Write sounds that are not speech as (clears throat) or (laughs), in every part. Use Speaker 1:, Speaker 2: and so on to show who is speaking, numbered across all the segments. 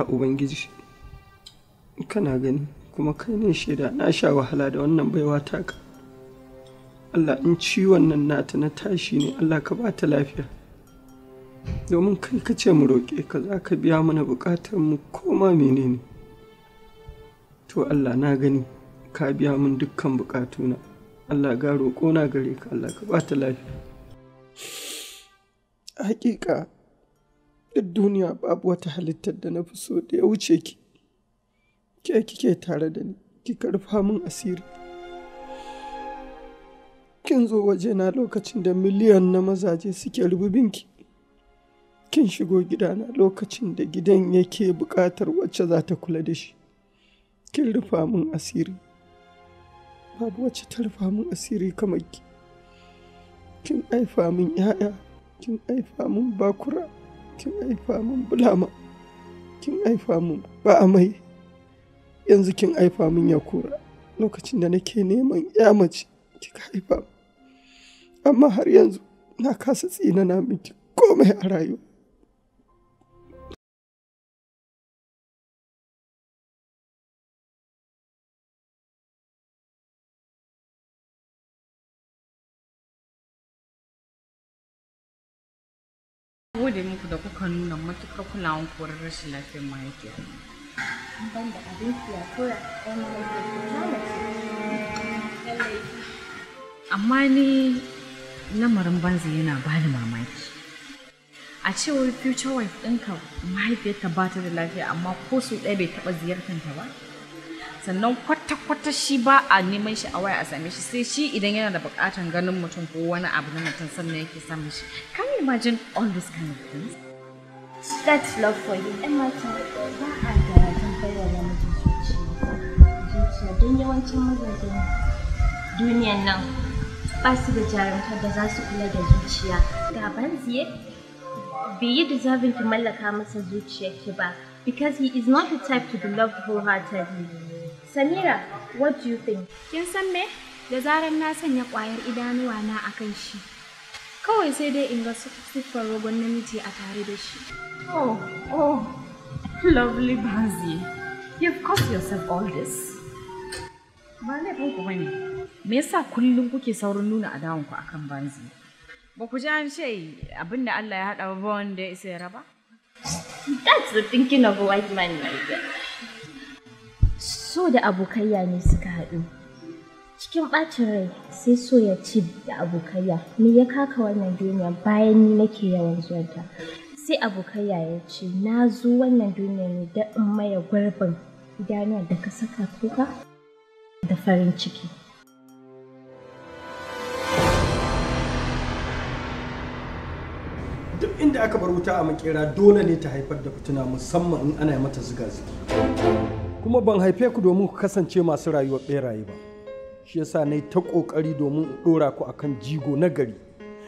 Speaker 1: ya Ubangiji, kana gani kuma kai ne shaida na sha wahala da wannan baiwa taka. Allah in ciwon nan nata na tashi ne Allah ka ba ta lafiya. Domin kai ka ce mu roƙe ka za ka biya mana buƙatar mu koma menene. To Allah na gani ka biya mun dukkan buƙatuna. Allah ga roƙona gare ka Allah ka ba ta lafiya. Hakika. duk duniya babu wata halittar da na fi so da ya wuce ki ke kike tare da ni ki karfa min asiri kin zo wajena lokacin da miliyan na mazaje suke rububinki kin shigo gidana lokacin da gidan yake bukatar wacce za ta kula da shi kin rufa min asiri babu wacce ta rufa min asiri kamar ki kin aifa min 'ya'ya kin aifa min bakura kin haifa min bulama kin aifa min ba mai yanzu kin haifa min ya kura lokacin da nake neman ya mace kika haifa amma har yanzu na kasa tsinana miki
Speaker 2: komai a rayuwa
Speaker 3: matuƙar kulawan korar rashin lafiyar mahaifiyar Amma ni lamarin banza yana ni mamaki. A cewar future wife ɗinka mahaifiyarta ba ta da lafiya amma ko su ɗaya bai taɓa ziyartar ta ba? sannan kwata-kwata shi ba a neman shi a waya a same shi sai shi idan yana da bukatan ganin mutum ko wani abu na mutum sannan yake samun shi can you imagine all this kind of things
Speaker 4: That's love for you. ‘Yan mata ba a da zan baiwa wani zuciya. don yawancin mazajen duniyan nan ba su da jarumtar da za su kula da zuciya. Ga banziye, bai yi deserving ki mallaka masa ki ba. Because he is not the type to be loved wholeheartedly. Samira, what do you think? Kin san me? Da zarar na sanya ƙwayar idanuwa na akan shi. Kawai sai dai in ga siffar rogon namiji a tare da shi.
Speaker 5: Oh, oh, lovely Bazi.
Speaker 3: You've cost yourself all this. Ba laifin ku bane. Me yasa kullum kuke saurin nuna adawan ku akan Bazi? Ba ku ji an ce abin da Allah ya haɗa ba wanda ya isa ya raba? That's the thinking of a white man, my dear.
Speaker 4: So da abokaiya ne suka haɗu. Cikin ɓacin rai sai so ya ci da abokaiya, me ya kaka wannan duniya bayan ni nake yawan zuwanta. Sai abokaiya ya ce, na zo wannan duniya ne da in maye gurbin idanuwar da ka saka kuka da farin ciki.
Speaker 1: duk inda aka bar wuta a makera dole ne ta haifar da fituna musamman in ana mata ziga ziga kuma ban haife ku domin ku kasance masu rayuwar beraye ba shi yasa na yi ta ƙoƙari domin in ɗora ku akan jigo na gari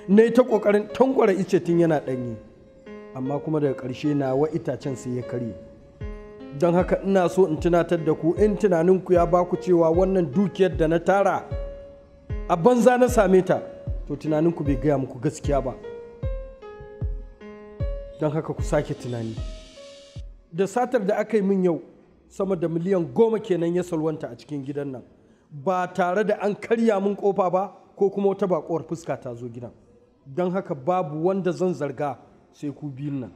Speaker 1: na ta ƙoƙarin tankwara ice tun yana ɗanye amma kuma daga ƙarshe wa itacen sai ya karye don haka ina so in tunatar da ku in tunanin ku ya baku cewa wannan dukiyar da na tara a banza na same ta to tunaninku bai gaya muku gaskiya ba don haka ku sake tunani da satar da aka yi min yau sama da miliyan goma kenan ya salwanta a cikin gidan nan ba tare da an karya mun kofa ba ko kuma wata bakowar fuska ta zo gidan don haka babu wanda zan zarga sai ku biyun nan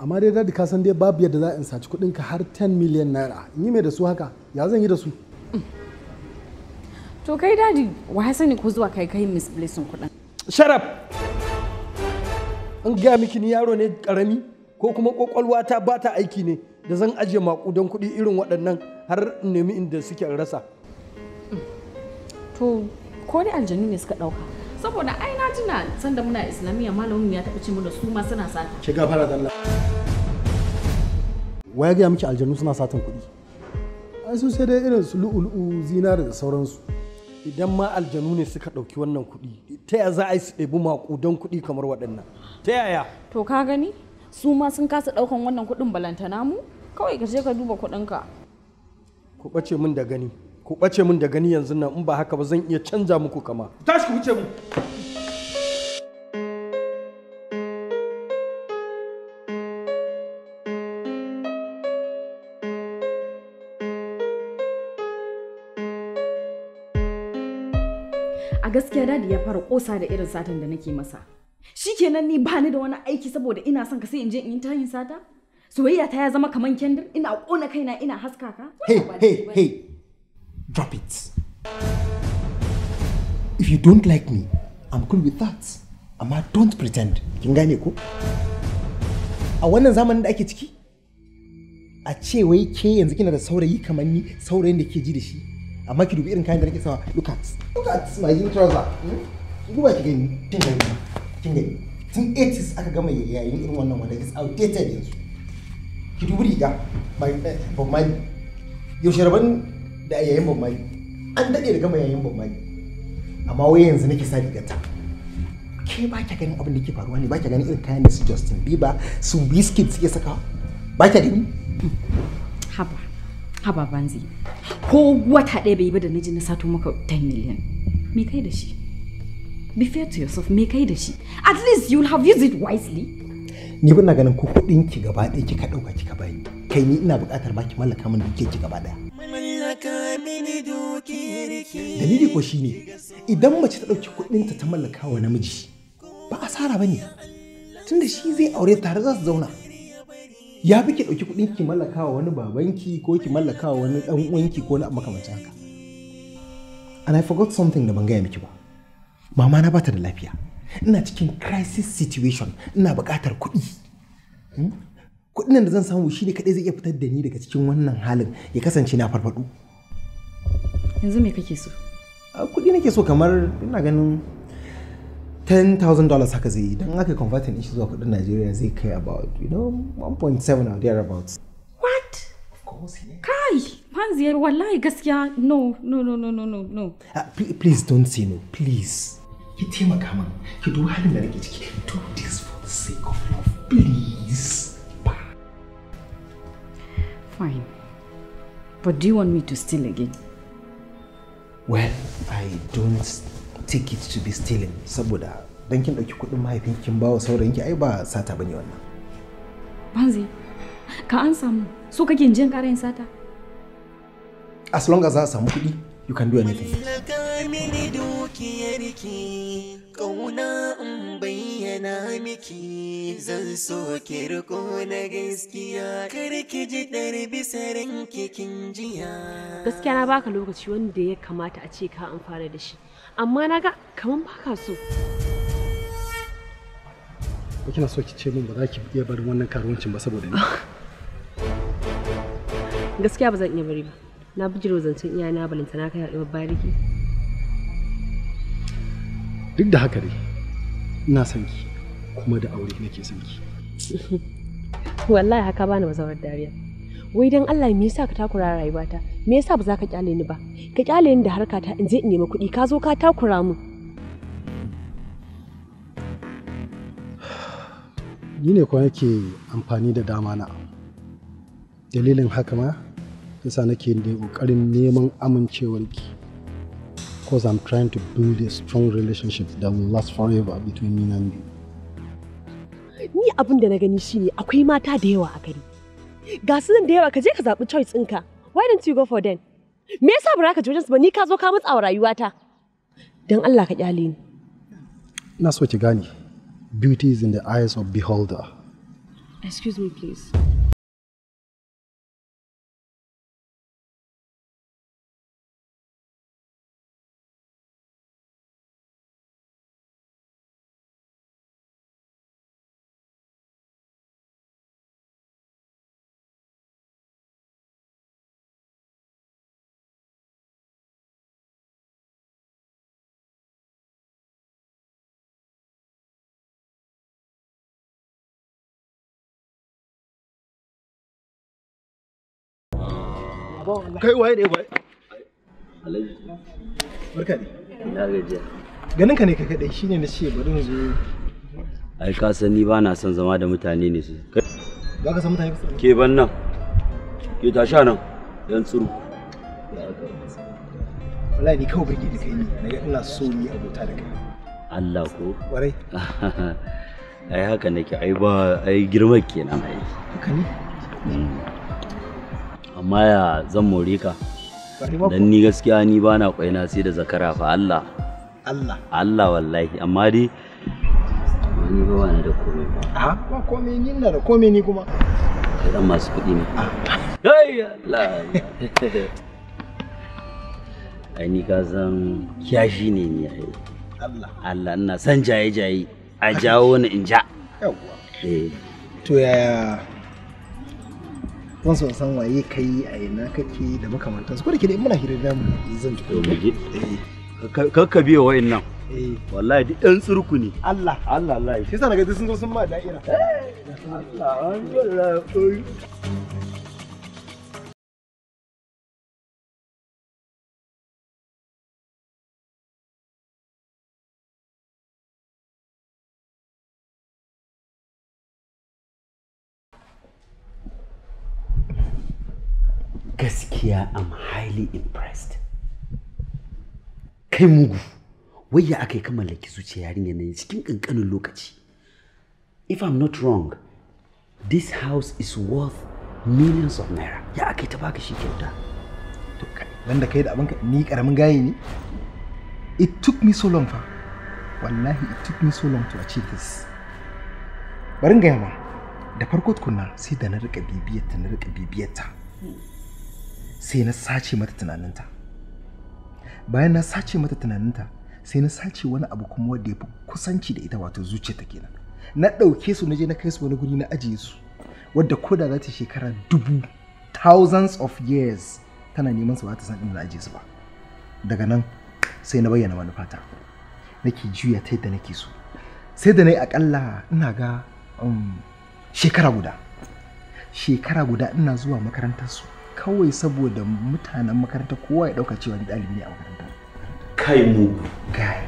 Speaker 1: amma dai da ka san dai babu yadda za in saci kudin ka har 10 miliyan naira in yi mai da su haka ya
Speaker 3: zan yi da su mm. to kai dadi wa ya sani ko zuwa kai kai misplacing kudin sharaf in ga miki ni yaro ne karami
Speaker 1: ko kuma kokolwa ta ba ta aiki ne da zan ajiye makudan kuɗi irin waɗannan har nemi inda suke rasa
Speaker 3: to ko dai aljanu ne suka ɗauka saboda ai na tuna sanda muna islamiyya malamin ya taɓa ce mana su ma suna sata
Speaker 1: shiga fara da Allah ya gaya miki aljanu suna satan kuɗi ai su sai dai irin su lu'ulu'u zinari da sauransu idan ma aljanu ne suka ɗauki wannan kuɗi ta yaya za a yi su ɗebi maƙudan kuɗi kamar waɗannan ta yaya
Speaker 5: to ka gani su ma
Speaker 3: sun kasa ɗaukan wannan kuɗin balantana mu kawai ka je ka duba kuɗinka
Speaker 1: ku ɓace min da gani ku ɓace min da gani yanzu nan in ba haka ba zan iya canza muku kama
Speaker 3: tashi ku wuce mu a gaskiya dadi ya fara kosa da irin satan da nake masa shikenan ni ba ni da wani aiki saboda ina son ka sai in je in yi tayin sata soyayya ta ya zama kaman kendir ina kona kaina ina haska ka hey hey hey
Speaker 1: drop it if you don't like me i'm cool with that amma don't pretend kin gane ko a wannan zamanin da ake ciki a ce wai ke yanzu kina da saurayi kamar ni saurayin da ke ji da shi amma ki dubi irin kayan da nake sawa look at look at my jean trouser hmm? ki duba ki gani kin gani tun 80s aka gama yayin irin wannan wanda is outdated yanzu ki dubi riga eh, bob mali yaushe rabon da yayin bob mali an daɗe da gama yayin bob mali amma wai yanzu nake sa rigar ta ke ba ka ganin abin da ke faruwa ne ba ka ganin irin kayan da su Justin Bieber su Wizkid suke saka ba ka gani
Speaker 3: haba haba banzi ko wata ɗaya bai ba da naji na sato maka 10 million me kai da shi be fair to yourself me kai da shi at least you'll have used it wisely
Speaker 1: ni ba na ganin ko kuɗin ki gaba ɗaya kika ɗauka kika bani kai ni ina buƙatar baki mallaka min duke ki gaba ɗaya dalili ko shine idan mace ta ɗauki kuɗinta ta mallaka wa namiji ba asara bane tunda shi zai aure tare za su zauna ya fi ki ɗauki kuɗin ki mallaka wa wani babanki ko ki mallaka wa wani ɗan uwanki ko wani makamancin haka and i forgot something da ban gaya miki ba mama na bata da lafiya ina cikin crisis situation ina buƙatar kuɗi hmm? kuɗin nan da zan samu shi ne kaɗai zai iya fitar da ni daga cikin wannan halin ya kasance na farfaɗo
Speaker 3: yanzu me kake so
Speaker 1: kuɗi nake so kamar ina ganin $10,000 haka zai yi don aka convertin shi zuwa kuɗin Najeriya zai kai about you know 1.7 or thereabouts what
Speaker 3: kai manziyar wallahi gaskiya no no no no no no
Speaker 1: uh, please don't say no please ki
Speaker 3: taimaka min ki duba halin da nake ciki do this for the sake of love please fine but do you want me to steal again
Speaker 1: well i don't take it to be stealing saboda dan kin dauki kudin mahaifin kin bawa saurayinki ai ba sata bane wannan
Speaker 3: banzi ka an samu so kake jin karayin sata
Speaker 1: as long as za a samu kuɗi you can do anything
Speaker 6: ƙauna in miki zan so na gaskiya ji
Speaker 7: gaskiya na baka lokaci wanda ya kamata a ce ka amfana da shi amma na ga kaman baka so
Speaker 1: ba kina so ki ce min ba za ki iya barin wannan karuwancin ba saboda ni
Speaker 7: (laughs) gaskiya ba zan iya bari ba na jiro zancen iyana balinta na kai haɗuwar bariki
Speaker 1: duk da haka dai ina sanki kuma da aure nake son ki
Speaker 7: (laughs) wallahi haka bani bazawar dariya wai dan Allah me yasa ka takura rayuwata me yasa ba za ka kyale ni ba ka kyale ni da harka ta in je in nemi kuɗi ka zo ka takura mu
Speaker 1: ni ne kuwa yake amfani da dama na dalilin haka ma yasa nake da kokarin neman amincewarki because i'm trying to build a strong relationship that will last forever between me and you
Speaker 7: ni abun da na gani shine akwai mata da yawa a gari ga su da yawa ka je ka zaɓi choice ɗinka why don't you go for them me yasa ba ka wajen su ba ni ka zo ka matsa wa rayuwata dan Allah ka kyale ni
Speaker 1: na so ki gane beauty is in the eyes of beholder
Speaker 2: excuse me please kai waye ne waye
Speaker 6: alhaji barka ne ina gajiya
Speaker 1: ganin ka ne kai kadai shine na ce bari mu zo
Speaker 6: ai ka san ni ba na son zama da mutane ne su ba ka san mutane ke ban nan ke tasha nan yan tsuru
Speaker 1: wallahi ni kawai da kai ne ina so ni abota da kai
Speaker 6: Allah ko warai (laughs) ai haka nake ai ba ai girma kenan ai haka ne mm. amma ya zan more ka dan ni gaskiya ni ba na kwaina sai da zakara fa Allah Allah Allah wallahi amma dai ni
Speaker 1: ba wani da komai ba ba komai ni na da komai ni kuma
Speaker 6: kai dan masu kuɗi ne
Speaker 1: ai ah. Allah
Speaker 6: ai ni ka san kiyashi ne ni ai Allah Allah ina san jaye jaye a jawo ni in ja yawwa eh
Speaker 1: to ya zan so san waye kai a ina kake da makamantansu ko da ke muna hira da zan ji ko
Speaker 6: kakka biya wa'in nan wallahi duk
Speaker 1: ɗan tsurku ne Allah Allah Allah shi sa na ga sun zo sun ma da'ira Allah
Speaker 2: Allah
Speaker 6: gaskiya am highly impressed kai mugu wayya aka yi laki zuciya yarinya ne cikin kankanin lokaci if i'm not wrong this
Speaker 1: house is worth millions of naira ya aka ta baka shi kyauta to kai banda kai da abinka ni karamin gaye ne it took me so long fa wallahi it took me so long to achieve this bari gaya ma da farko tukunna sai da na rika bibiyarta na rika bibiyarta sai na sace mata tunaninta bayan na sace mata tunaninta sai na sace wani abu kuma wanda ya fi kusanci da ita wato zuciyarta kenan na ɗauke su na je na kai su wani guri na ajiye su wadda ko da za ta shekara dubu thousands of years tana neman su ba ta san inda na ajiye su ba daga nan sai na bayyana manufata nake juya ta yadda nake so sai da na yi akalla ina ga um, shekara guda shekara guda ina zuwa makarantar su kawai saboda mutanen makaranta kowa ya dauka cewa ni ɗalibi ne a makaranta
Speaker 6: kai mugu
Speaker 1: guy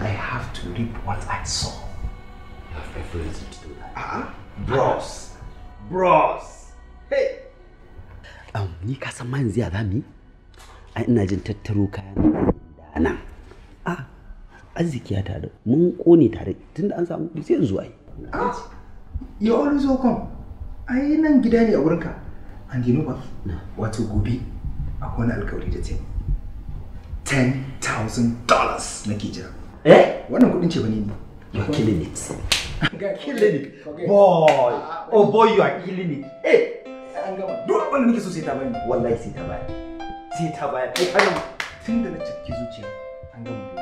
Speaker 1: i have to
Speaker 6: read what i saw you have every reason to do that a'a bros bros hey um, ni ka san man ziya mi? ai ina jin tattaro kayan da nan a ah, arziki ya tare mun kone tare tunda an samu sai zuwa yi
Speaker 1: ah, you always welcome ai nan gida ne a wurinka an ji know Wato gobe akwai wani alkawari da ce $10,000 ke jira. Eh? Wannan kudin ce bane ne. You are killing it.
Speaker 6: you (laughs) are killing it. Boy. Ah, oh boy, you are
Speaker 1: killing it. Hey. Eh. An gama. Duk abin da nake so sai ta bayan Wallahi sai ta bayan Sai ta bayan eh Ai, tun da na cikin zuciya. An gama.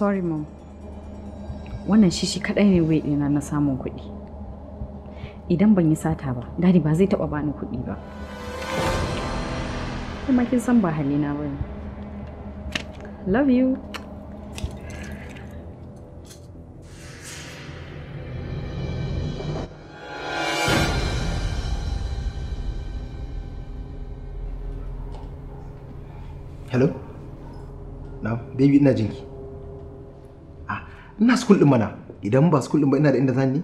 Speaker 3: sorry mom wannan shi shi kadai ne wai ɗina na samun kuɗi idan ban yi sata ba dadi ba zai taɓa bani kuɗi ba kuma kin san ba halina ba love you
Speaker 1: hello na baby na jinki ina school din mana idan ba school din ba ina da inda zan yi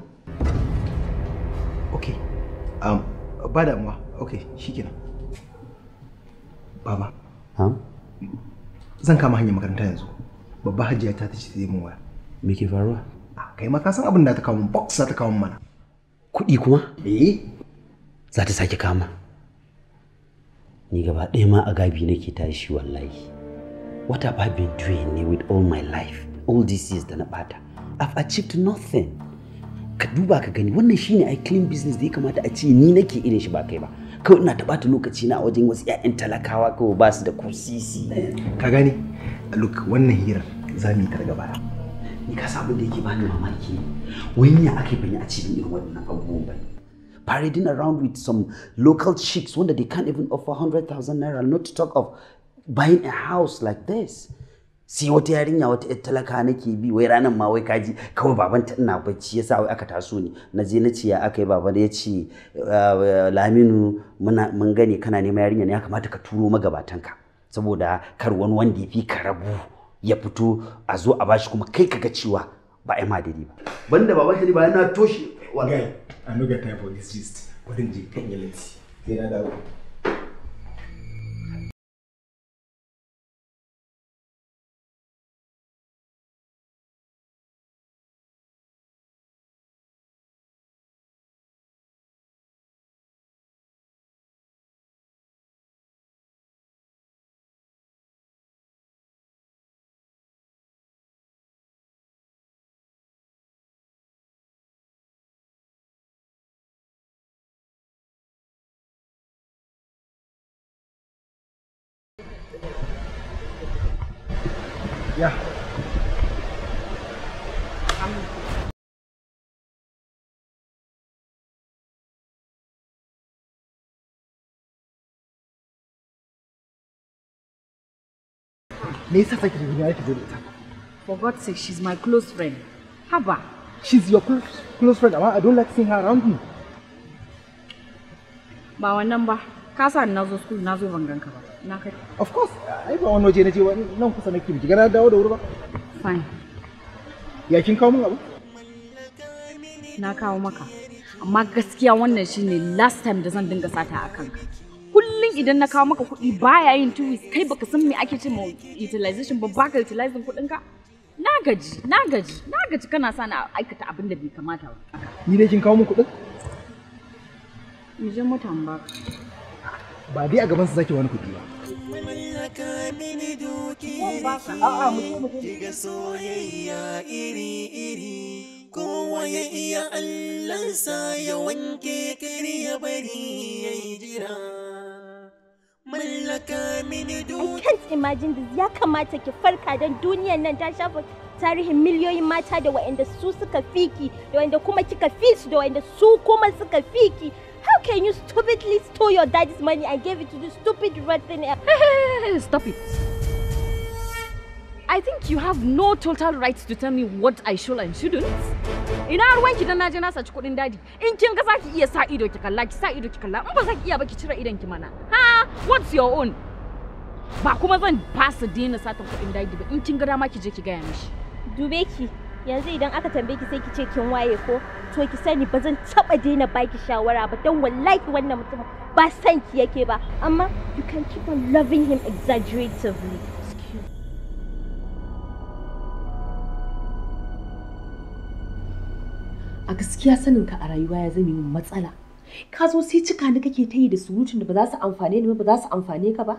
Speaker 1: okay um ba da mu. okay shikenan baba Ha? zan kama hanyar makaranta yanzu babba hajiya ta tace zai mun waya me ke faruwa ah, kai ma ka san abin da ta kawo box za ta kawo mana kuɗi kuma eh za ta sake kama
Speaker 6: ni gaba ɗaya ma a gabi nake tashi wallahi what have i been doing with all my life all these years da na bata I've achieved nothing ka duba ka gani wannan shine ai clean business da ya kamata a ce ni nake irin shi ba kai ba kawai ina ta lokaci na wajen wasu 'ya'yan talakawa kawai ba su da ko sisi ka gani look wannan
Speaker 1: hirar za mu yi ta gaba
Speaker 6: ni ka sabu da yake bani mamaki wai ne ake bani a cikin irin wannan abubuwan bai parading around with some local chicks wanda they can't even offer 100,000 naira not to talk of buying a house like this sai wata yarinya wata yar talaka nake bi wai ranar ma wai kaji kawai baban ta ina bacci yasa wai aka taso ni na je na ce ya aka yi ya ce ah, laminu mun gane kana neman yarinya ne ya kamata ka turo magabatan ka saboda kar wani wanda ya fi ka rabu ya fito a zo a bashi kuma kai ga cewa ba a yi ma daidai ba
Speaker 1: banda baban shi ba yana toshe wallahi anuga typhoid cyst wadin je kan yalanci sai
Speaker 2: na dawo Yeah. Me
Speaker 1: yasa sake da ya ki zo da
Speaker 3: For God's sake, she's my close friend. Haba.
Speaker 1: She's your close, close friend, amma I don't like seeing her around me.
Speaker 3: Ba wannan ba. ka sa na zo school na zo ban ganka ba na kai of course ai
Speaker 1: ba wani waje na je wani nan kusa nake biki na dawo da wuri ba fine ya kin kawo min abu
Speaker 3: na kawo maka amma gaskiya wannan shine last time da zan dinga sata a kanka kullum idan na kawo maka kuɗi baya yin two kai baka san me ake ce ma utilization ba baka utilizing kuɗin ka na gaji na gaji na gaji kana sa na aikata abin da bai kamata ba
Speaker 1: ni dai kin kawo min kuɗin
Speaker 3: mu je mu tambaka
Speaker 1: ba dai a gaban su zaki wani kuɗi
Speaker 6: ba a'a mutum mutum kowa
Speaker 1: ya iya allansa ya wanke kare ya bari ya yi jira. Mallaka
Speaker 4: mini I can't imagine this ya kamata ki farka don duniyar nan ta shafa tarihin miliyoyin mata da waɗanda su suka fiki da waɗanda kuma kika fi su da waɗanda su kuma suka fiki How can you stupidly steal
Speaker 3: your daddy's money and give it to the stupid rotten elf? (laughs) Stop it. I think you have no total rights to tell me what I should and shouldn't. Ina ruwanki dan naje na saci kuɗin daddy. In kin ka zaki iya sa ido ki kalla, ki sa ido ki kalla. In ba zaki iya ba ki cire ki mana. Ha, what's your own? Ba kuma zan fasa daina satan kuɗin dadi ba. In kin ga dama ki je ki gaya mishi. Dube ki, yanzu idan aka tambaye ki sai ki ce kin
Speaker 4: waye ko to ki sani ba taba daina baki shawara ba dan wallahi wannan mutum ba san ki yake ba amma you can keep on loving him exaggeratively
Speaker 7: a gaskiya sanin ka a rayuwa ya zame min matsala ka zo sai cika ni kake tayi da surutun da ba za su amfane ni ba za su amfane ka ba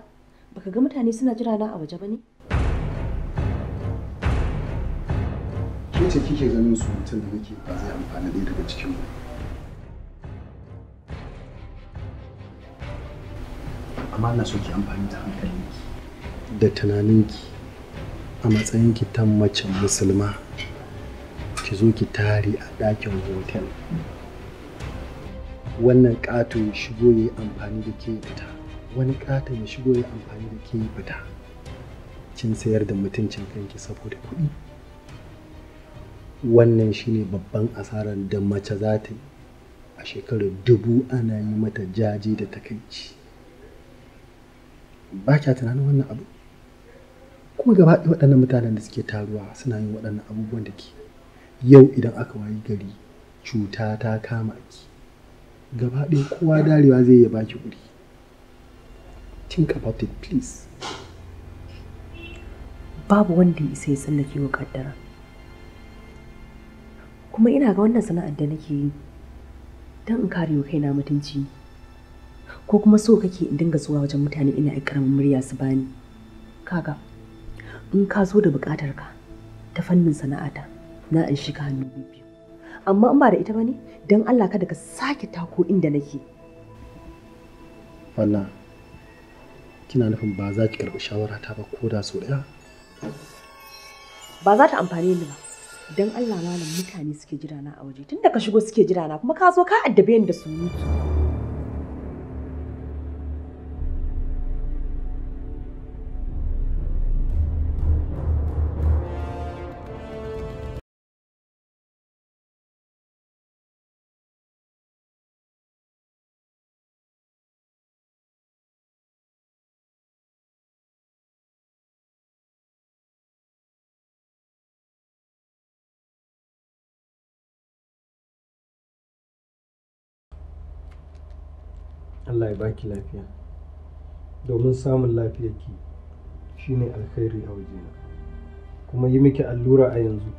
Speaker 7: baka ga mutane suna jira na a waje ba ne
Speaker 1: wacce kike ganin su mutum da nake ba zai amfana ɗaya daga cikin mu amma na so ki amfani da hankalinki da tunaninki a matsayinki ta mace musulma ki zo ki tare a ɗakin hotel wannan ƙato ya shigo ya yi amfani da ke fita wani ƙato ya shigo ya yi amfani da ke fita kin sayar da mutuncin kanki saboda kuɗi wannan shine babban asarar da mace za ta yi a shekarar dubu ana yi mata jaje da takaici ba kya tunanin wannan abu kuma gaba ɗaya waɗannan mutanen da suke taruwa suna yin waɗannan abubuwan da ke yau idan aka wayi gari cuta ta kama ki gaba ɗaya kowa darewa zai iya baki wuri think about it please
Speaker 7: babu wanda ya isa ya tsallake wa kaddara kuma ina ga wannan sana'ar da nake yi don in kare kaina mutunci ko kuma so kake in dinga zuwa wajen mutane ina yi karamin murya su bani kaga in ka zo da buƙatar ka ta fannin sana'ata na in shiga hannu biyu amma in ba da ita bane don Allah kada ka sake tako inda nake
Speaker 1: wannan kina nufin ba za ki karɓi shawara ta ba ko da so ɗaya
Speaker 7: ba za ta amfane ni ba dan Allah malam mutane suke jira na a waje tunda ka shigo suke jira na kuma ka zo ka addabe ni da mutu
Speaker 2: Allah ya baki
Speaker 1: lafiya domin samun lafiyarki shine alkhairi a wajena kuma yi miki allura a yanzu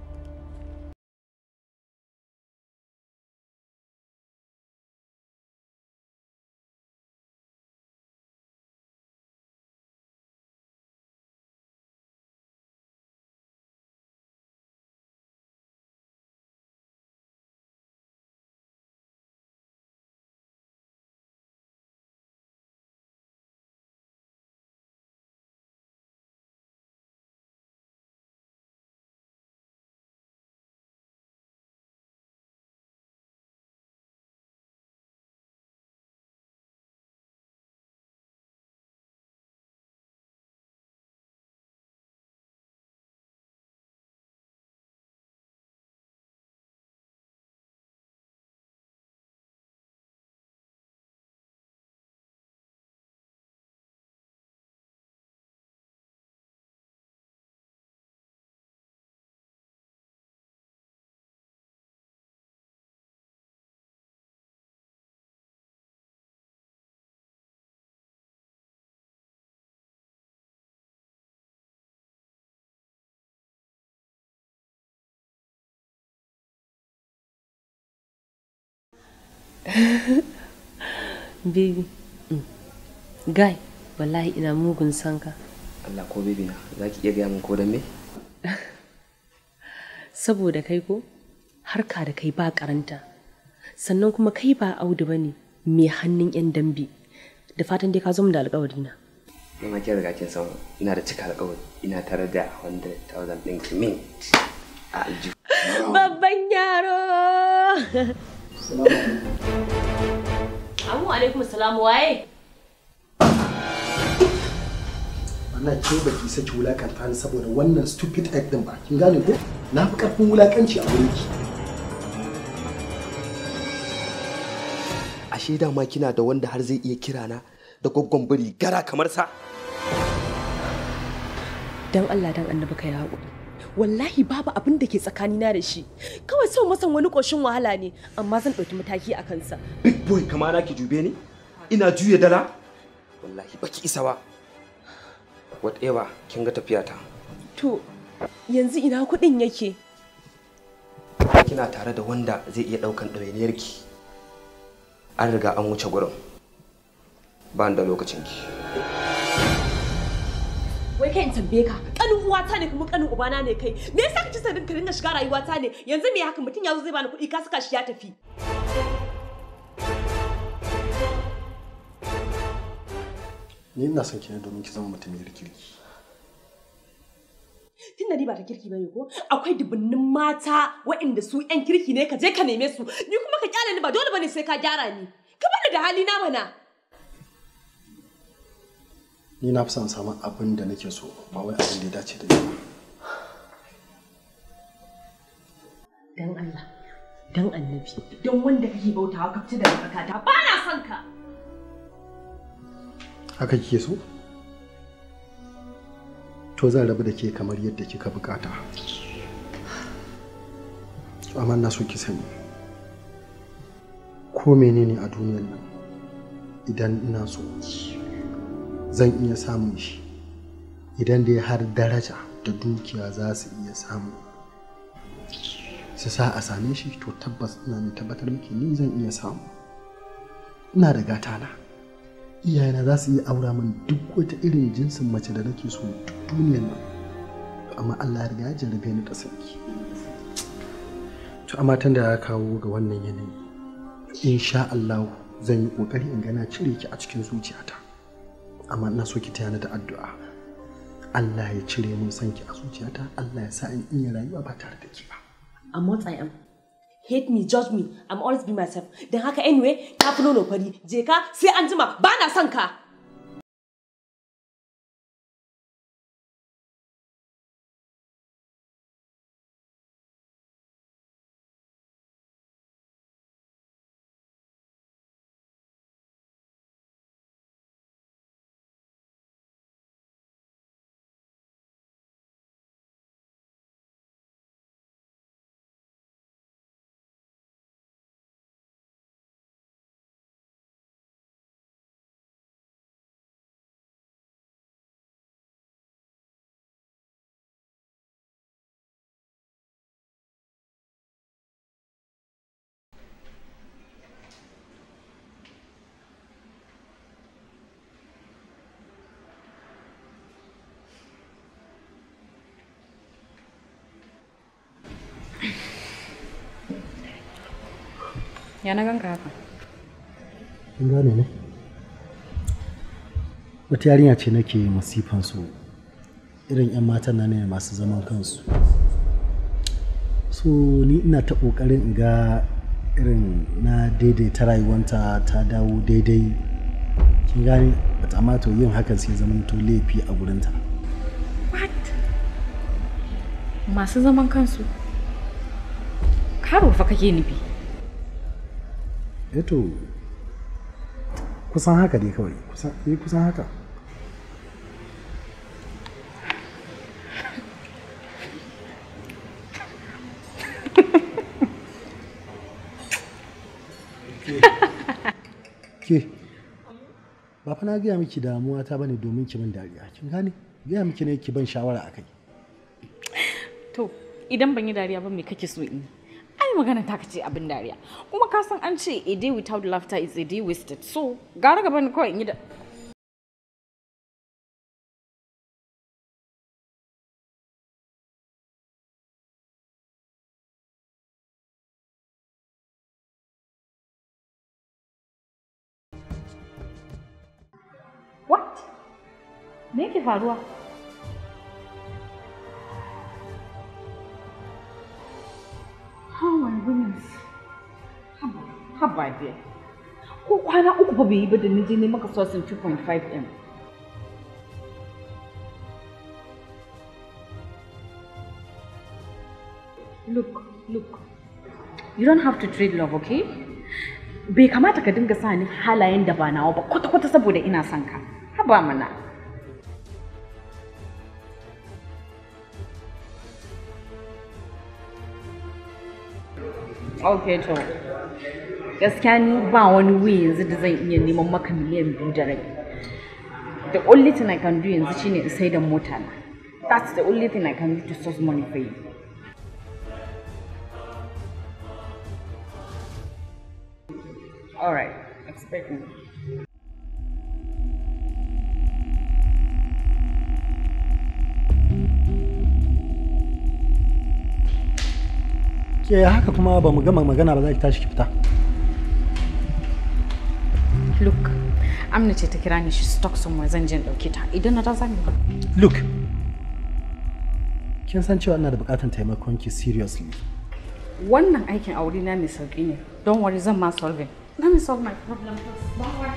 Speaker 2: (laughs) Bibi. Mm.
Speaker 7: guy wallahi ina mugun sanka
Speaker 2: Allah ko Bibi na za ki iya gaya
Speaker 7: min ko dan me (laughs) saboda kai ko harka da kai ba karanta sannan kuma kai ba audu ba ne mai hannun yan dambe da fatan dai ka zo da alƙawari na
Speaker 6: Ina ma riga kin san ina da cika alƙawari ina tare da 100,000 ɗin kimin
Speaker 7: a aljihu (laughs) babban yaro Assalamu alaikum. Assalamu waye?
Speaker 1: Wannan ke baki saki wulakanta ni saboda wannan stupid act din ba. Kin gane ko? Na fi karfin wulakanci a wurin ki. Ashe ma kina da wanda har zai iya kira na da gwaggon biri gara kamar sa.
Speaker 7: Dan Allah
Speaker 6: dan annabi kai haƙuri.
Speaker 7: wallahi babu abin da ke tsakanina da shi kawai sau masan wani ƙoshin wahala ne amma zan ɗauki mataki a kansa
Speaker 1: big boy kamar ki jube ni ina juya dala wallahi baki isa ba whatever kin ga tafiya
Speaker 7: to yanzu ina kuɗin yake
Speaker 1: kina tare da wanda zai iya ɗaukan ɗawainiyar ki an riga an wuce gurin ba da lokacin ki
Speaker 7: wai kai in tambaye ka uwata ne kuma kanin ubana ne kai me yasa kace sai ka dinga shiga rayuwata ne yanzu me haka mutum ya zo zai bani kuɗi ka saka shi ya tafi
Speaker 1: ni ina son ki ne domin ki zama mutum mai kirki
Speaker 7: tunda ni ba ta kirki bane ko akwai dubunnin mata waɗanda su yan kirki ne ka je ka neme su ni kuma ka kyale ni ba dole bane sai ka gyara ni ka bani da hali na bana.
Speaker 1: ni na fi son samun abin da nake so ba wai abin da ya dace da ni
Speaker 7: dan Allah dan annabi don wanda kake bautawa ka fita daga kakata ba na son ka
Speaker 1: haka kike so to zan rabu da ke kamar yadda kika bukata amma na so ki sani ko menene a duniyar nan idan ina so zan iya samun shi idan dai har daraja da dukiya za su iya samu su sa a same shi to tabbas ina mai tabbatar miki ni zan iya samu ina da gata na iyayena za su iya aura min duk wata irin jinsin mace da nake so duk duniyar nan amma Allah ya riga ya jarrabe ni da sarki to amma tun da ya kawo ga wannan yanayi insha Allah zan yi kokari in gana cire ki a cikin zuciyata amma ina so ki tayana da addu'a Allah ya cire mun san ki a zuciyata Allah ya sa in iya rayuwa ba tare da ki ba
Speaker 7: I'm what I am hate me
Speaker 2: judge me I'm always be myself dan haka anyway ka fi nono fari je ka sai an jima ba na son ka
Speaker 3: ya na ganka haka
Speaker 1: kin gane ne wata yarinya ce nake masifan su irin 'yan matan na ne masu zaman kansu so ni ina ta kokarin in ga irin na daidaita rayuwanta ta dawo daidai kin gane amma to yin hakan sai zaman to laifi a gurinta what
Speaker 3: masu zaman kansu karo fa kake nufi
Speaker 1: eto eh kusan haka dai kawai kusan eh kusan haka (laughs) ke ba fa na gaya miki damuwa ta bane domin ki min dariya kin gane gaya miki ne ki ban shawara akai
Speaker 3: to idan ban yi dariya ba me kake so in yi magana ta kace abin dariya kuma ka san an ce a day without laughter is a day wasted so gara gaban kawai in yi da What? Me yake faruwa? haba dai ko kwana uku ba bai yi ba da ni je ne maka sosin 2.5 m
Speaker 5: look look
Speaker 3: you don't have to trade love okay bai kamata ka dinga sa ni halayen da ba nawa ba kwata-kwata saboda ina son ka haba mana okay to gaskiya ni ba wani wuyi yanzu da zan iya neman maka miliyan biyu da rabi the only thing i can do yanzu shine in sai da mota na that's the only thing i can do to source money for you
Speaker 5: all right expect me
Speaker 1: ke haka kuma ba mu gama magana ba za ki tashi ki fita Look,
Speaker 3: Amna ce ta kira ni shi stock somewhere zan je in dauke ta. Idan na ta zan
Speaker 1: Look. Kin san cewa ina da bukatan taimakon ki seriously.
Speaker 3: Wannan aikin aure na ne sauki ne. don worry zan ma solve it. Let me solve my problem first. Don't worry.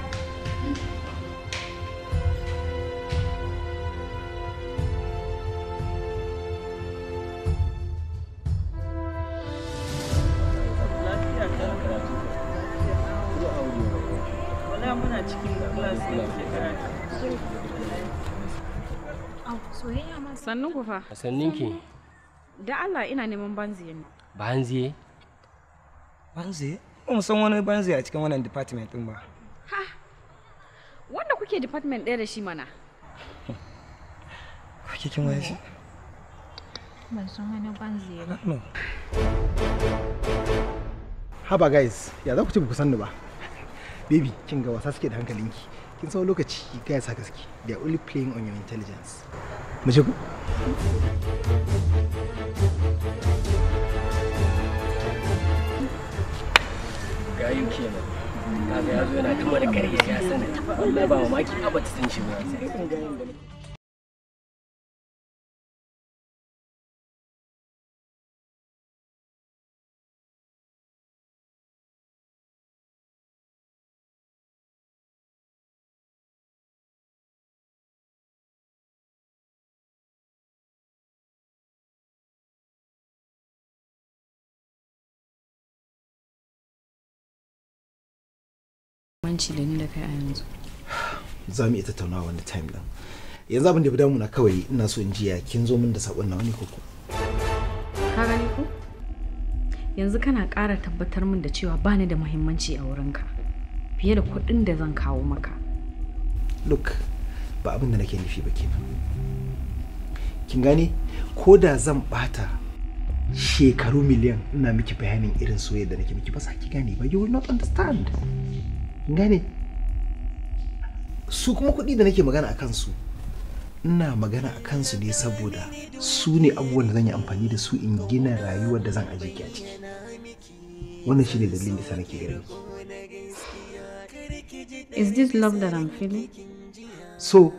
Speaker 3: Sannun ku fa. Sannin ki. Da Allah ina neman banziye ne.
Speaker 1: Banziye? Banziye? Ba san wani banziye a cikin wannan department din ba. Ha.
Speaker 3: Wanda kuke department ɗaya da shi mana.
Speaker 1: (laughs) Kuke kin waye shi?
Speaker 3: Ban san wani banziye ba.
Speaker 1: Haba guys, ya za ku ce ba ku sanni ba. (laughs) Baby, kin ga wasa suke da hankalinki. kin tsawon lokaci gaya sa gaske they are only playing on your intelligence mu ku
Speaker 2: gayu kenan kaga yazo yana ta wani karya ya sanar wallahi ba mamaki abata san shi ba aminci da ni da kai a yanzu
Speaker 1: za mu iya tattaunawa wani time din yanzu abin da ya damu na kawai ina so in ji ya kin zo min da sabon na wani koko
Speaker 3: ka gani ko yanzu kana ƙara tabbatar min da cewa bani da muhimmanci a wurinka fiye da kuɗin da zan kawo maka
Speaker 1: look ba abin da nake nufi ba kenan kin gane ko da zan bata shekaru miliyan ina miki bayanin irin soyayya da nake miki ba sa ki gane ba you will not understand gane su kuma kuɗi da nake magana a kansu ina magana a kansu ne saboda su ne abubuwan da zan yi amfani da su in gina rayuwar da zan aje ki a ciki wannan shine dalilin da gare ni.
Speaker 5: is this love that i'm feeling
Speaker 1: so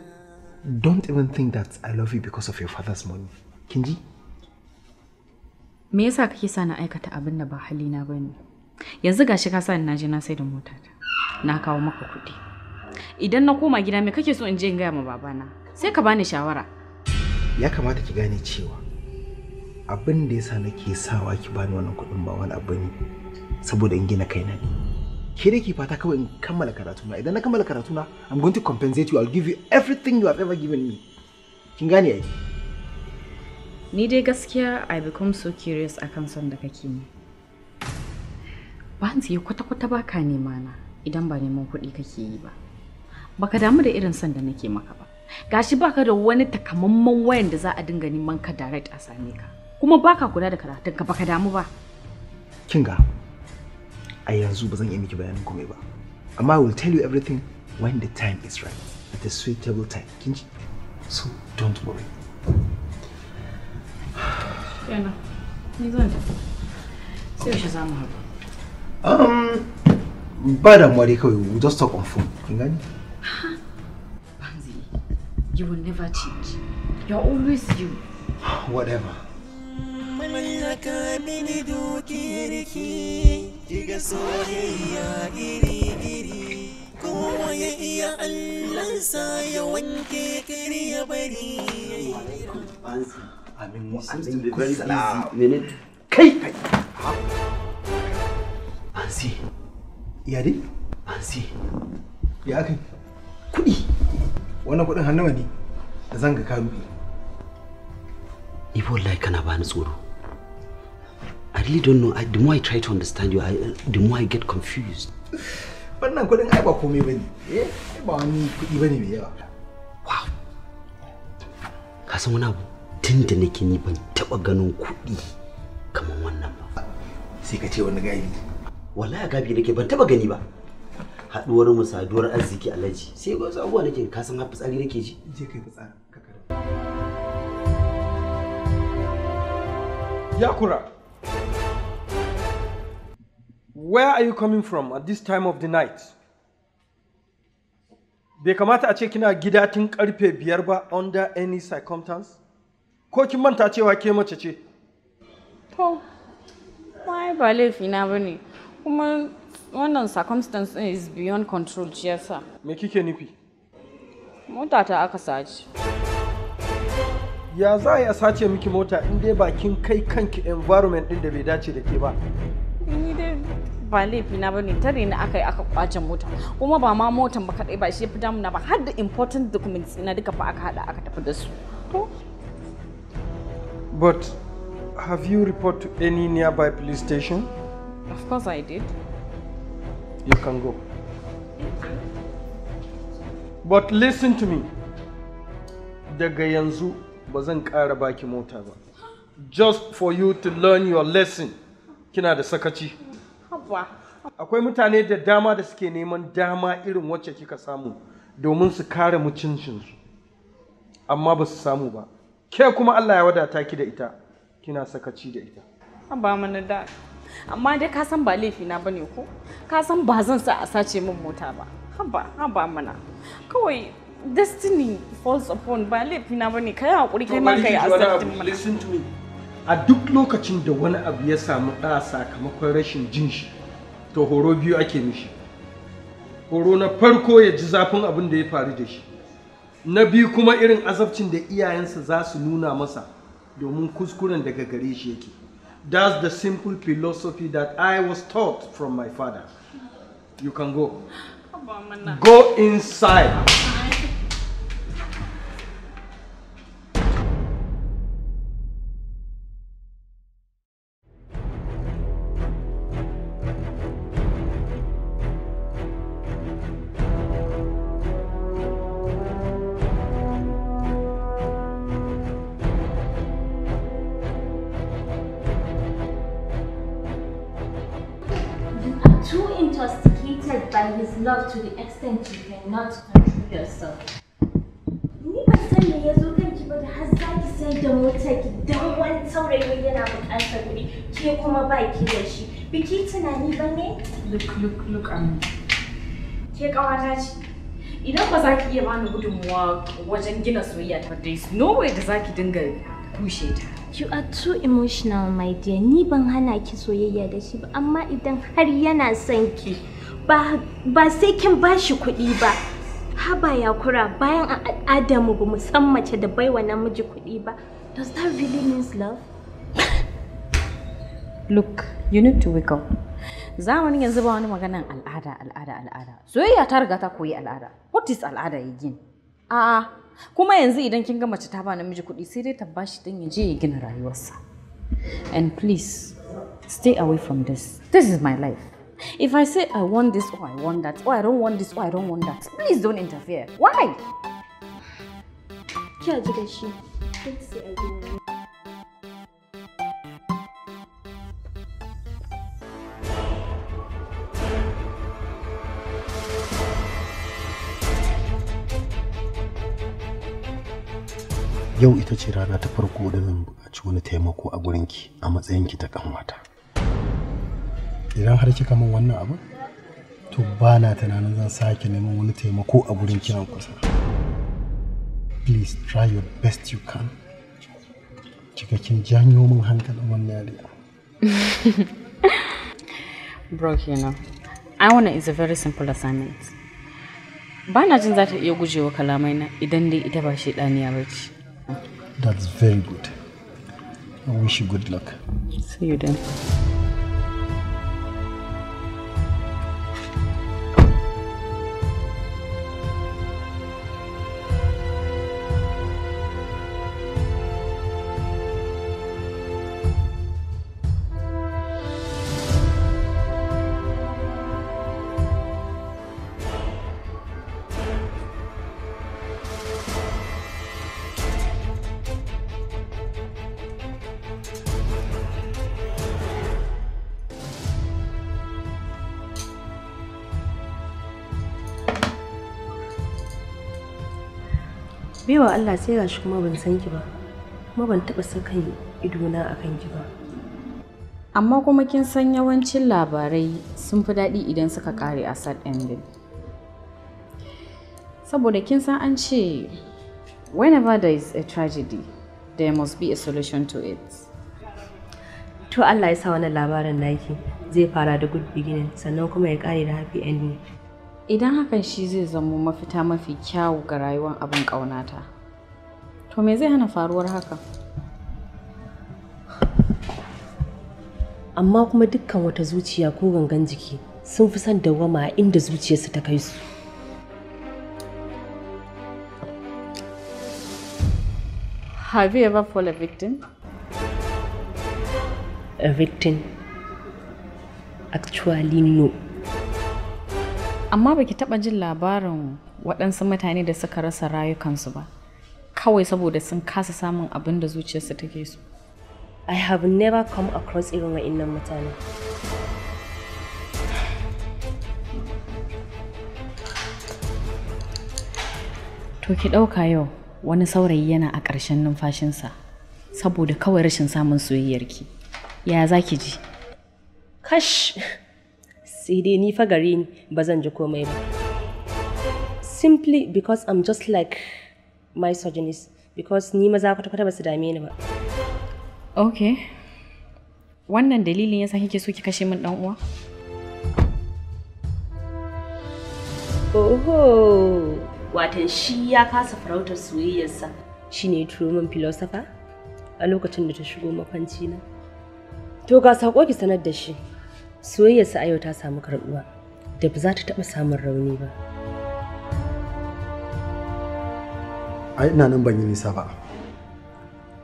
Speaker 1: don't even think that i love you because of your father's money kinji
Speaker 3: me yasa kake sa na aikata abin da ba halina bane yanzu gashi ka sa naje na je na sai da motata na kawo maka kuɗi idan na koma gida me kake so in je in gaya ma babana sai ka bani shawara ya kamata ki gane
Speaker 1: cewa abin da yasa nake sawa ki bani wannan kuɗin ba wani abu ne saboda in gina kaina ne ke da ki fata kawai in kammala karatu na idan na kammala karatu na I'm going to compensate you I'll give you everything you have ever given me kin gane ai
Speaker 3: ni dai gaskiya I become so curious akan son da kake ni ba ya kwata-kwata baka nema na idan ba neman kuɗi kake yi ba baka damu da irin son da nake maka ba gashi baka da wani takamaiman wayan da za a dinga neman ka direct a same ka kuma baka kula da karatun ka baka damu ba
Speaker 1: kinga a yanzu ba zan iya miki bayanin komai ba amma I will tell you everything when the time is right at the suitable time kin ji? so don't worry
Speaker 5: yana ni zan sai um
Speaker 1: bada damuwa dai kawai just talk on phone kin
Speaker 3: you will never change You're always you whatever mallaka
Speaker 1: ya dai an ya aka kudi wannan kuɗin hannuwa ne da zanga ga ka rufe
Speaker 6: ibo wallahi kana bani tsoro I really don't know. I, the more I try to understand you, I, the more I get confused.
Speaker 1: Wannan kudin ai ba komai ba ne. Eh, ba wani kudi ba ne mai yawa. Wow.
Speaker 6: Ka san wani abu? Tun da nake ni ban taɓa ganin kudi kamar wannan
Speaker 1: ba. Sai ka ce wani gaibi.
Speaker 6: wallahi gabi nake ban taba gani ba haduwar mu saduwar arziki alaji sai ga abubuwa nake ka san ha fitsari nake ji je kai fitsara ka kada
Speaker 1: kura where are you coming from at this time of the night bai kamata a ce kina gida tun karfe biyar ba under any circumstance ko kin manta cewa ke mace ce
Speaker 5: to wai ba na ba ne
Speaker 3: kuma wannan circumstance is beyond control shi me kike nufi mota ta aka sace
Speaker 1: ya za a sace miki mota in dai bakin kai kanki environment din da bai dace da ke ba
Speaker 3: ni dai ba laifi na bane tare ne aka yi aka kwace mota kuma ba ma motan ba kadai ba shi fi damuna ba har da important documents ina duka ba aka hada aka tafi da su to
Speaker 1: but have you report to any nearby police station
Speaker 3: Of course I did.
Speaker 1: You can go. But listen to me. Daga yanzu ba zan ƙara baki mota ba. Just for you to learn your lesson. Kina da sakaci. Akwai mutane da dama da suke neman dama irin wacce kika samu domin su kare mucincinsu Amma ba su samu ba. Ke kuma Allah ya wadata ki da ita. Kina sakaci da ita.
Speaker 5: Haba mana da. amma dai ka san ba laifi na bane ko ka san ba zan sa a sace min mota ba haba haba mana kawai destiny falls upon ba laifi na bane kai hakuri kai ma kai accepting mana
Speaker 1: listen to me a duk lokacin da wani abu ya samu ɗa sakamakon rashin jin shi to horo biyu ake mishi horo na farko ya ji zafin abin da ya faru da shi na biyu kuma irin azabcin da iyayensa za su nuna masa domin kuskuren daga gare shi yake That's the simple philosophy that I was taught from my father. You can go. Go inside.
Speaker 4: not control yourself. Ni ban san me ya zo ki ba da har za ki sai da mota ki dan wani saurayi yana buƙatar kuɗi ke kuma ba ki da shi. Biki tunani ba
Speaker 3: ne?
Speaker 5: Look, look, look at
Speaker 3: Ke ƙawata ce. Idan ba za ki iya bani gudunmuwa wajen gina soyayya ta dai no way da za ki dinga kushe ta.
Speaker 4: You are too emotional my dear. Ni ban hana ki soyayya da shi ba amma idan har yana son ki. ba sai kin ba shi kuɗi ba haba ya kura bayan a adamu ba mu san mace da baiwa namiji kuɗi ba does that really
Speaker 3: means love look you need to wake up zamanin yanzu ba wani maganan al'ada al'ada al'ada soyayya ta riga ta koyi al'ada what is al'ada again a'a kuma yanzu idan kin ga mace ta ba namiji kuɗi sai dai ta bashi dan ya je ya gina rayuwarsa and please stay away from this this is my life If I say I want this or I want that, or I don't want this or I don't want that, please don't interfere. Why?
Speaker 1: yau ita ce rana ta farko da zan buƙaci wani taimako a gurinki a matsayinki ta kanwata. idan har kika min wannan abu to ba na tunanin zan sake neman wani taimako a gurin kiran kusa please try your best you can cikakken janyo min hankalin wannan yariya
Speaker 3: (laughs) bro know, i wanna is a very simple assignment ba na jin za ta iya gujewa kalamai na idan dai ita ba shi ɗaniya ba ce
Speaker 1: that's very good i wish you good luck
Speaker 3: see you then
Speaker 7: Baiwa Allah sai gashi kuma ban san ki ba, kuma ban taɓa sakan
Speaker 3: idona a kan ki ba. Amma kuma kin san yawancin labarai sun fi daɗi idan suka kare a sad ending. Saboda kin san an ce, whenever there is a tragedy, there must be a solution to it. To Allah ya sa wannan labarin naki zai fara da good beginning sannan kuma ya kare da happy ending. idan hakan shi zai zamo mafita mafi kyawu ga rayuwar abin ƙaunata to me zai hana faruwar haka? amma kuma dukkan wata zuciya ko gangan
Speaker 7: jiki sun fi son dawwama a inda zuciyarsu ta kai su
Speaker 5: Have you ever fallen a victim?
Speaker 7: A victim? Actually, no.
Speaker 3: amma baki taɓa jin labarin waɗansu mutane da suka rasa rayukansu ba kawai saboda sun kasa samun abin da zuciyarsu take su. i have never come across irin wa'innan mutane to ki ɗauka yau wani saurayi yana a ƙarshen numfashinsa saboda kawai rashin samun soyayyarki ya za ki ji kash
Speaker 7: sai dai ni fa gare ni ba zan ji komai ba simply because i'm just like my sojourners because ni maza kwata-kwata ba su dame ni ba
Speaker 3: okay wannan dalilin yasa kike so ki kashe min dan uwa
Speaker 7: oho watan shi ya kasa farautar soyayyarsa shine ya turo philosopher a lokacin da ta shigo mafanci to ga sako ki sanar da shi soyayyar sa yau ta samu karɓuwa da ba za ta taɓa samun rauni ba.
Speaker 1: Ai ina nan ban yi nisa ba,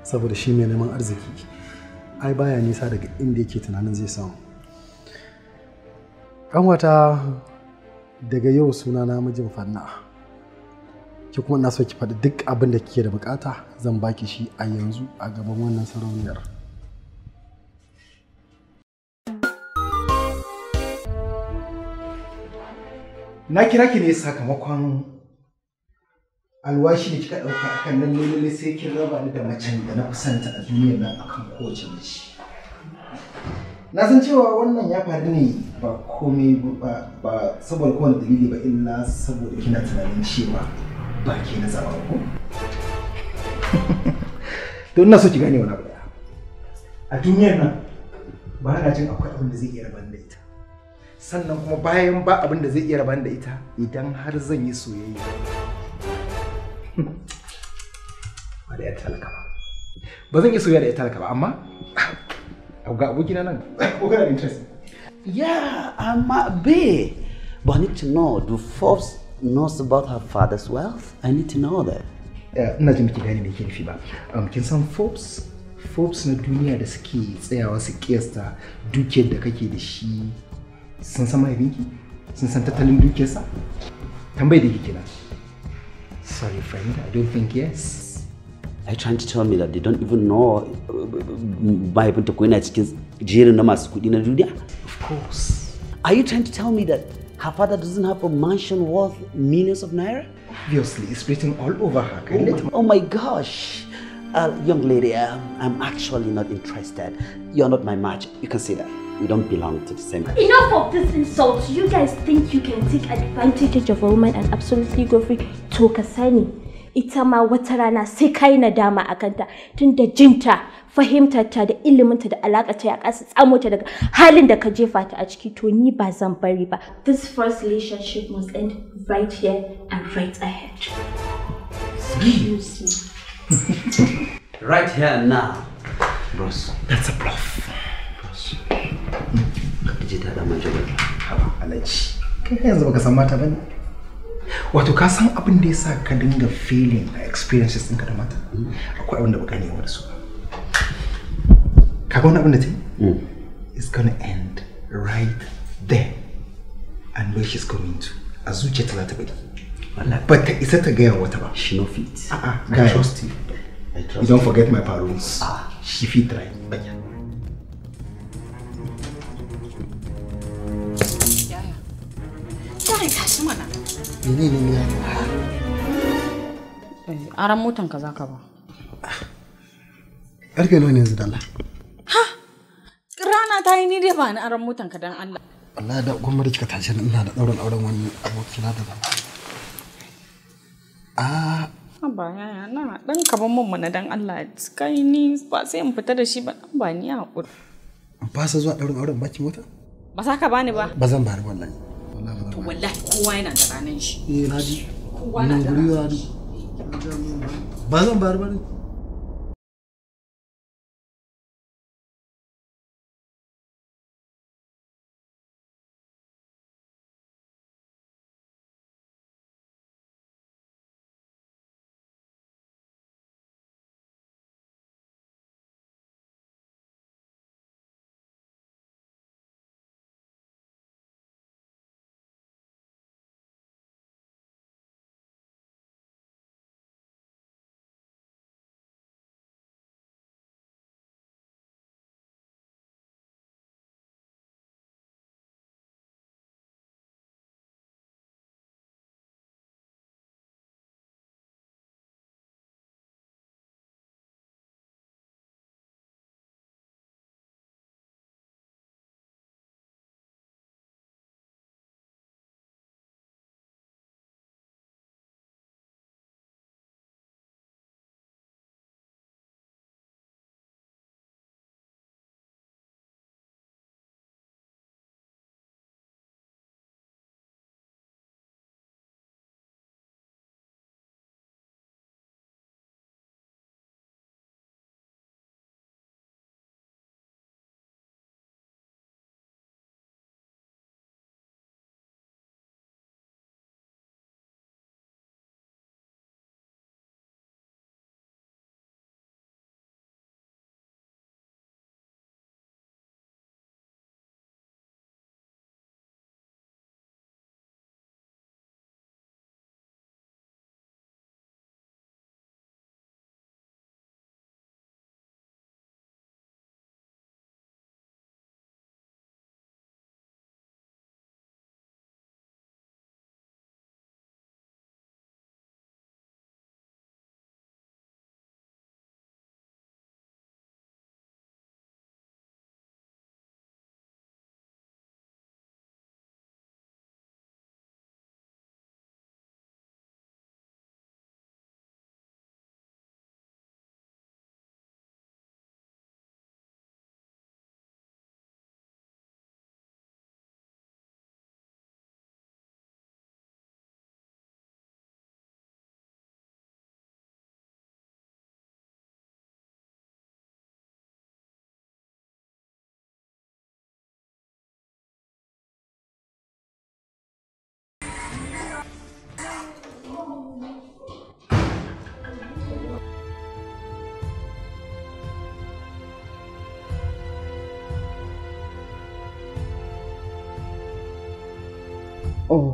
Speaker 1: saboda shi mai neman arziki, ai baya nisa daga inda yake tunanin zai samu. Ƙanwata daga yau suna na mijin fanna. Ki kuma na so ki faɗi duk abin da kike da bukata zan baki shi a yanzu a gaban wannan sarauniyar. na kira ki ne sakamakon alwashi da kika ɗauka akan nan lalle sai kin raba ni da macen da na kusanta a duniyar nan akan kowace mace na san cewa wannan ya faru ne ba komai ba saboda kowane dalili ba illa saboda kina tunanin cewa ba ke na zama ko (laughs) to ina so ki gane wani abu a duniyar nan ba na jin akwai abin da zai iya raba sannan kuma bayan ba abin da zai iya rabani da ita idan har zan yi soyayya ba da yar talaka ba ba zan yi soyayya da yar talaka ba amma ga abokina nan ko kana da interest Ya
Speaker 6: amma be but I need to know do Forbes knows about her father's wealth
Speaker 1: I need to know that eh, ina jin miki gani me yake nufi ba um, kin san Forbes Forbes na duniya da suke tsayawa su kiyasta dukiyar da kake da shi sun san mahaifinki sun san tattalin dukiyarsa tambayi da kira sorry friend i don't think yes
Speaker 6: Are you trying to tell me that they don't even know by ko yana cikin jerin na masu kuɗi na duniya?
Speaker 1: Of course.
Speaker 6: Are you trying to tell me that her father doesn't have a mansion worth millions of naira? Obviously, it's written all over her. Oh my, oh my, gosh. Uh, young lady, um, I'm actually not interested. You're not my match. You can see that. We don't belong to the same. Enough of
Speaker 4: this insult. You guys think you can take advantage of a woman and absolutely go free to Kasani. Itama ma wata rana akanta kai nadama a kanta tun da jinta, fahimtarta da iliminta da alakarta ya kasa tsamo ta daga halin da ka jefa ta a ciki to ni ba zan bari ba. This first relationship must end right here and right ahead. Excuse me. (laughs) right here and now.
Speaker 6: Bros, that's a bluff. boss. Khadija ta da dama jabal
Speaker 1: haba alaji kai yanzu baka san mata bane wato ka san abin da yasa ka dinga feeling a experiences ɗinka da mata akwai abin da baka nema da su kaga wani abin da ta yi mm. it's gonna end right there and where she's coming to a zuciya ta za ta bari ba ta isa ta gaya wata ba she no fit a'a guy I trust you. I trust you don't forget my parents ah, she fit right
Speaker 3: Jihar tashi mana.
Speaker 1: Mene ne ya yi
Speaker 3: eh, Aran motan ka za ka ba.
Speaker 1: Ƙarfe nawa ne yanzu da Allah? Ha!
Speaker 3: Rana ta yi ni dai ba ni aran motan ka don Allah.
Speaker 1: Allah da gwamma da kika tashi ina da ɗaurin auren wani aboki na da ba.
Speaker 5: Ah. Ba yaya na ɗan kaban mun mana don Allah kai ni ba sai in fita da shi ba ɗan ba ni haƙuri.
Speaker 1: Ba sa zuwa ɗaurin auren baki mota?
Speaker 5: Ba za ka bani ba. Ba zan
Speaker 1: bari wallahi.
Speaker 5: wallahi kowa yana da ranar shi eh, na da ranar
Speaker 1: shi ba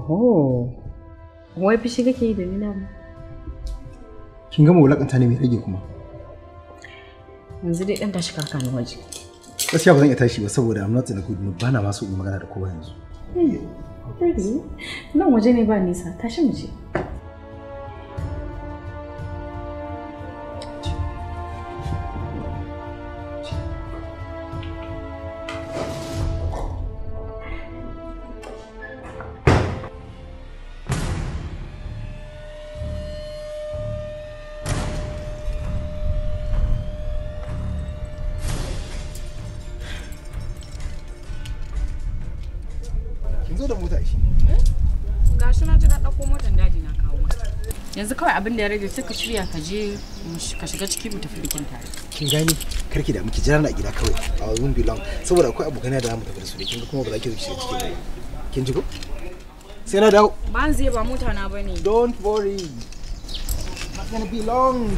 Speaker 5: Oho. Wai fushi kake yi da ni nan?
Speaker 1: Kin gama wulakanta ne mai rage kuma.
Speaker 5: Yanzu dai ɗan
Speaker 3: tashi kaka ni waje.
Speaker 1: Gaskiya ba zan iya tashi ba saboda I'm not in a good mood bana ma magana da kowa
Speaker 3: yanzu. Nan waje ne ba nisa tashi mu je. abin da ya rage sai ka shirya ka je ka shiga ciki mu tafi bikin tare kin gani
Speaker 1: karki da muke jira na gida kawai a wurin bilan saboda akwai abokanai da mu tafi da su kin kuma ba za ki shiga ciki ba kin ji ko sai na dawo
Speaker 3: ba zai ba mota na bane don't worry not gonna be long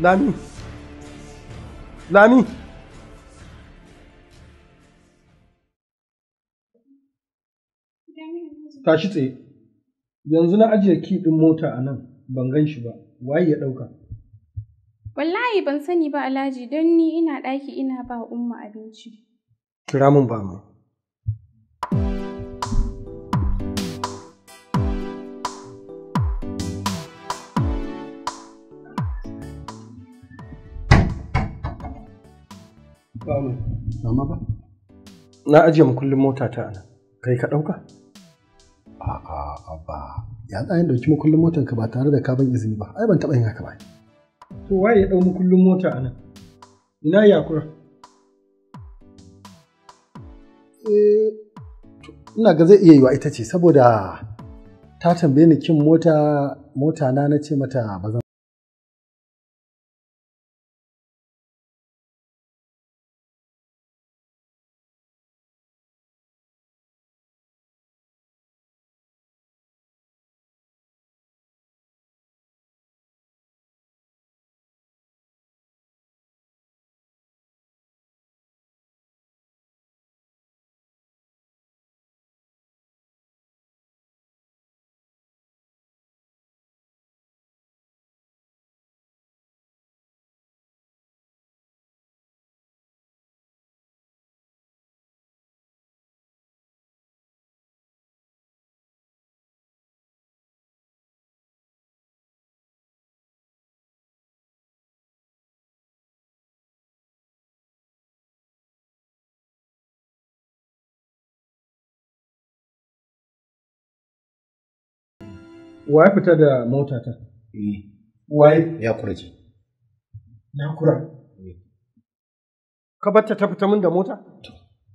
Speaker 1: lami lami tashi tsaye Yanzu na ajiye ki ɗin mota a nan, ban gan shi ba, waye ya ɗauka?
Speaker 5: Wallahi ban sani ba Alhaji don ni ina ɗaki ina ba umma abinci.
Speaker 1: Kira mun ba mai. Na ajiye mu kullum mota ta nan, kai ka ɗauka? ba. Ya za yin ɗauki makullin motar ka ba tare da ka ban izini ba. Ai ban taɓa yin haka ba. To waye ya ɗau makullin mota a nan? Ina yakura? Eh, ina ga zai iya yiwa ita ce saboda ta tambaye ni kin mota mota na nace ce mata ba Waye fita da mota ta? Eh. Waye? Ya kura ce. Eh. Ya kura? Ka batta ta fita min da mota?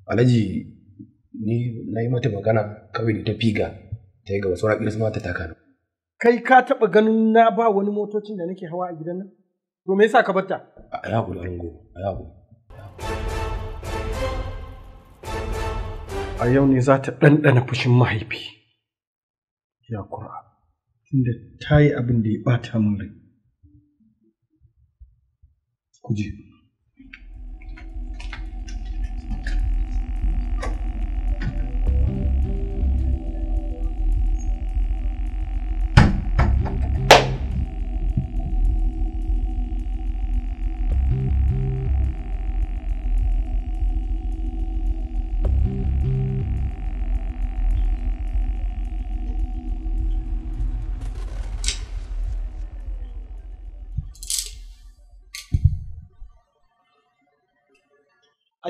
Speaker 1: Alhaji ni na yi mata magana kawai da ta figa ta yi gaba sauran ƙiris ma ta taka Kai ka taɓa ganin na ba wani motocin da nake hawa a gidan nan? To me yasa ka batta? A ya da Arango, a ya A yau ne za ta ɗanɗana fushin mahaifi. Ya kura. tunda ta yi abin da ya ɓata min rai. Ku je.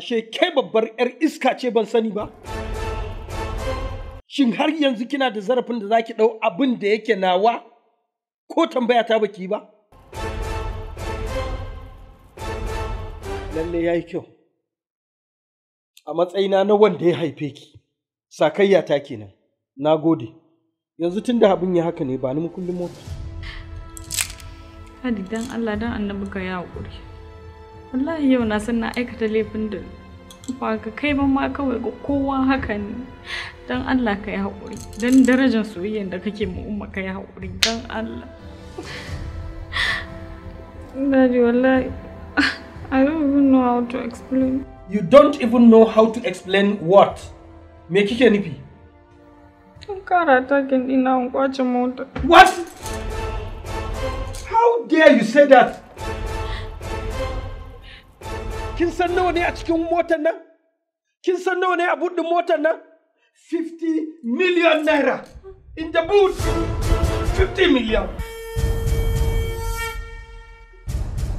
Speaker 1: ashe ke babbar 'yar iska ce ban sani ba? Shin har yanzu kina da zarafin da zaki ɗau abin da yake nawa ko tambaya ta baki ba? Lalle ya yi kyau. A matsayina na wanda ya haife ki, sakayya ta kenan. Na gode. Yanzu tun da abin ya haka ne ba ni mukullin mota.
Speaker 5: Hadi dan Allah dan annabi ka ya haƙuri. wallahi yau na san na aikata laifin da ba ga kai ba ma kawai ga kowa haka ne don Allah ka yi haƙuri don darajar soyayyar da kake mu umma ka yi haƙuri don Allah Daddy wallahi I don't even know how to explain You don't even know
Speaker 1: how to explain what me kike nufi
Speaker 5: An kara takin
Speaker 1: ina an kwace mota What How dare you say that kin san nawa ne a cikin motar nan kin san nawa ne a buɗin motar nan 50 million naira in the boot 50 million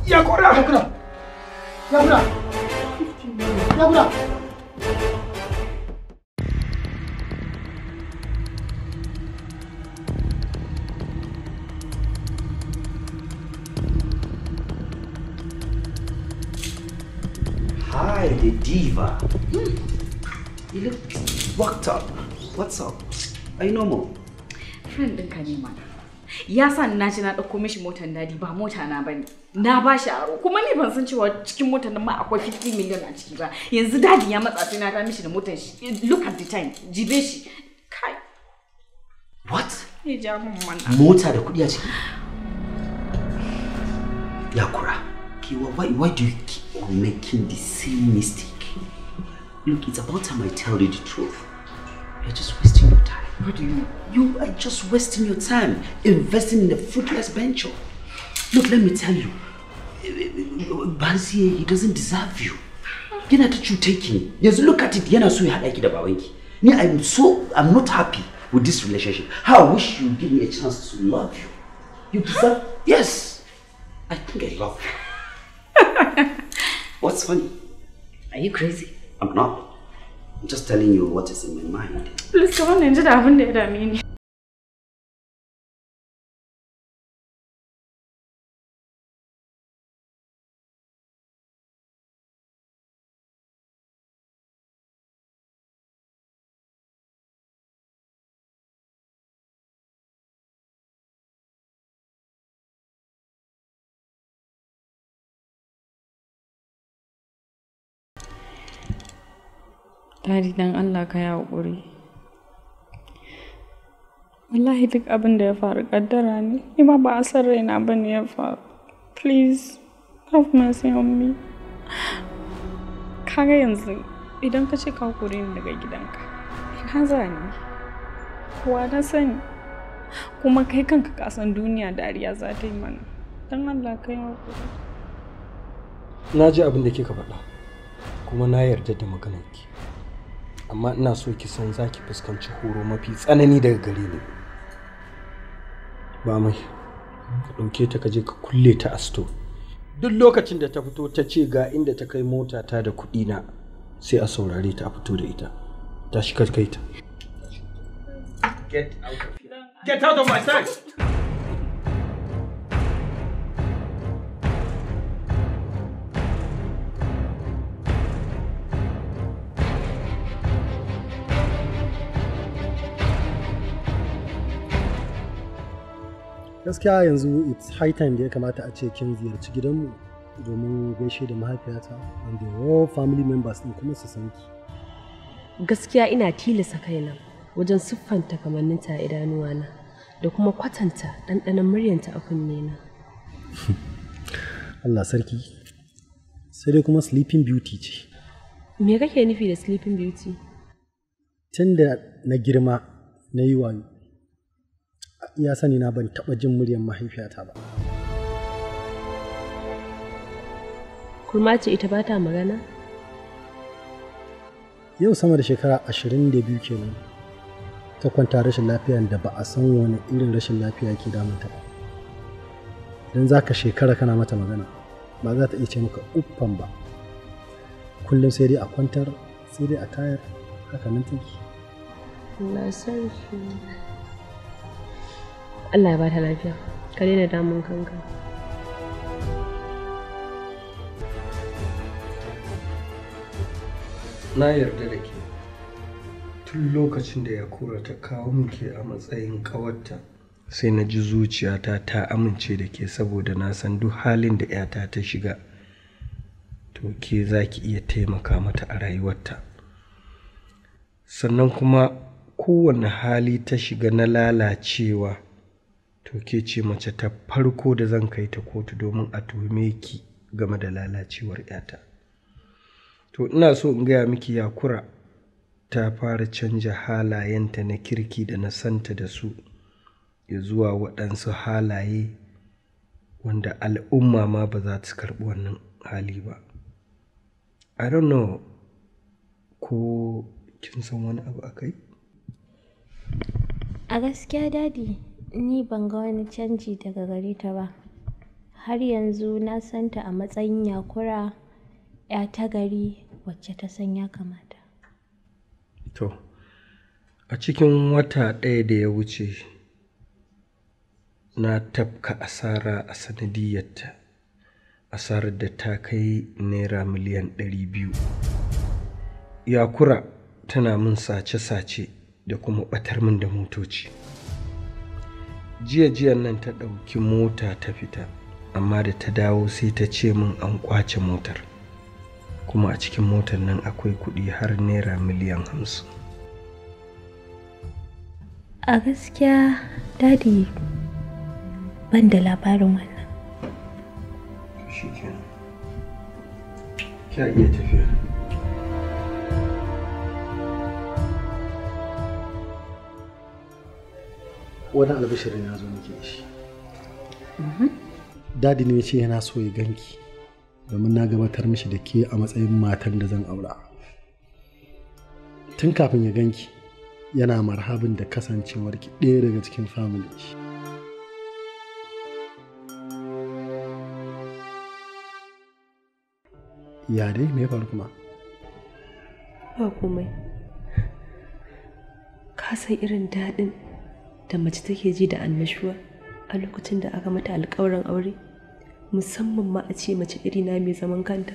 Speaker 1: ya kura ya kura ya kura ya kura
Speaker 6: diva. Hmm. You look worked up. What's up? Are you normal?
Speaker 3: Friend ɗinka ne mana. Ya sa ni na ji na ɗauko mishi motar dadi ba mota na bane. Na ba shi aro kuma ni ban san cewa cikin motar nan ma akwai fifty million a ciki ba. Yanzu daddy ya matsa sai na ta mishi da motar Look at the time. Jibe Kai.
Speaker 5: What? Ya ja mun
Speaker 3: mana.
Speaker 6: Mota da Yakura. why, why do you keep on making the same mistake? Look, it's about time I tell you the truth. You're just wasting your time. What do you mean? You are just wasting your time investing in a fruitless venture. Look, let me tell you. Bansier, he doesn't deserve you. Yana that you taking. Yes, look at it. Yana so you like it about Me, I'm so I'm not happy with this relationship. How I wish you give me a chance to love you. You deserve yes. I think I love you. (laughs) What's funny? Are you crazy? I'm not. I'm just telling you what is in my mind.
Speaker 5: Please, come on, Ninja. I haven't done Dadi dan Allah ka yi haƙuri. Wallahi duk abin da ya faru kaddara ne, ni ma ba a san raina ba ne ya faru. Please, have mercy on me. Kaga yanzu idan ka ce ka kore ni daga gidanka, ina za ni? Kowa na sani. Kuma kai kanka kasan duniya dariya za ta yi mana. Don Allah ka yi haƙuri.
Speaker 1: Na ji abin da kika faɗa, kuma na yarda da maganarki. amma ina so ki san zaki fuskanci horo mafi tsanani daga gare ni ba mai ka ɗauke ta ka ka kulle ta asto. duk lokacin da ta fito ta ce ga inda ta kai mota ta da kuɗi na sai a saurare ta a fito da ita ta shi kai get out of my sight gaskiya yanzu it's high time da ya kamata a ce kin ziyarci gidanmu domin gaishe da mahaifiyata and the whole family members din kuma su san ki
Speaker 7: gaskiya ina tilasa kaina wajen siffanta kamanninta a idanuwana da kuma kwatanta ɗanɗanon muryanta a kunne na.
Speaker 1: (laughs) Allah sarki sai dai kuma sleeping beauty ce
Speaker 7: me kake nufi da
Speaker 1: sleeping beauty tun na girma na yi wayo iya sani na ban taɓa jin muryar mahaifiyata ba.
Speaker 7: Kurma ce ita ba ta magana?
Speaker 1: Yau sama da shekara ashirin da biyu kenan ta kwanta rashin lafiya da ba a san wani irin rashin lafiya ke damunta ba. Don za ka shekara kana mata magana ba za ta iya ce maka uffan ba. Kullum sai dai a kwantar sai dai a tayar haka nan take.
Speaker 5: Allah sarki.
Speaker 7: Allah ya ta lafiya ka daina damun kanka
Speaker 1: na yarda da ke tun lokacin da ya kura ta kawo muke a matsayin ƙawarta sai na ji zuciyata ta amince da ke saboda na san duk halin da 'yata ta shiga to ke za ki iya taimaka mata a rayuwarta sannan kuma kowane hali ta shiga na lalacewa to ke ce mace ta farko da zan kai ta kotu domin a tuhume ki game da lalacewar 'yata to ina so in gaya miki yakura ta fara canja halayenta na kirki da na santa da su ya zuwa waɗansu halaye wanda al'umma ma ba za su karɓi wannan hali ba i don't know ko kin san wani abu a kai
Speaker 4: a gaskiya dadi Ni ban ga wani canji daga gare ta ba. Har yanzu na san ta a matsayin yakura, ya ta gari wacce ta san ya kamata.
Speaker 1: To, a cikin wata ɗaya da ya wuce na tafka asara a sanadiyyarta. Asarar da ta kai naira miliyan ɗari biyu. Yakura tana min sace-sace da kuma ɓatar min da motoci. jiya jiyan nan ta ɗauki mota ta fita amma da ta dawo sai ta ce min an kwace motar kuma a cikin motar nan akwai kuɗi har naira miliyan hamsin
Speaker 7: a gaskiya
Speaker 4: dadi ban da labarin wannan
Speaker 1: shi iya tafiya wani albishirin ya zo nake shi mhm. dadi ne ce yana so ya ganki domin na gabatar mishi da ke a matsayin matan da zan aura tun kafin ya ganki yana marhabin da kasancewarki ɗaya daga cikin family shi ya dai me faru kuma
Speaker 7: ba komai ka san irin daɗin da mace take ji da annashuwa a lokacin da aka mata alkawarin aure musamman ma a ce mace irina mai zaman kanta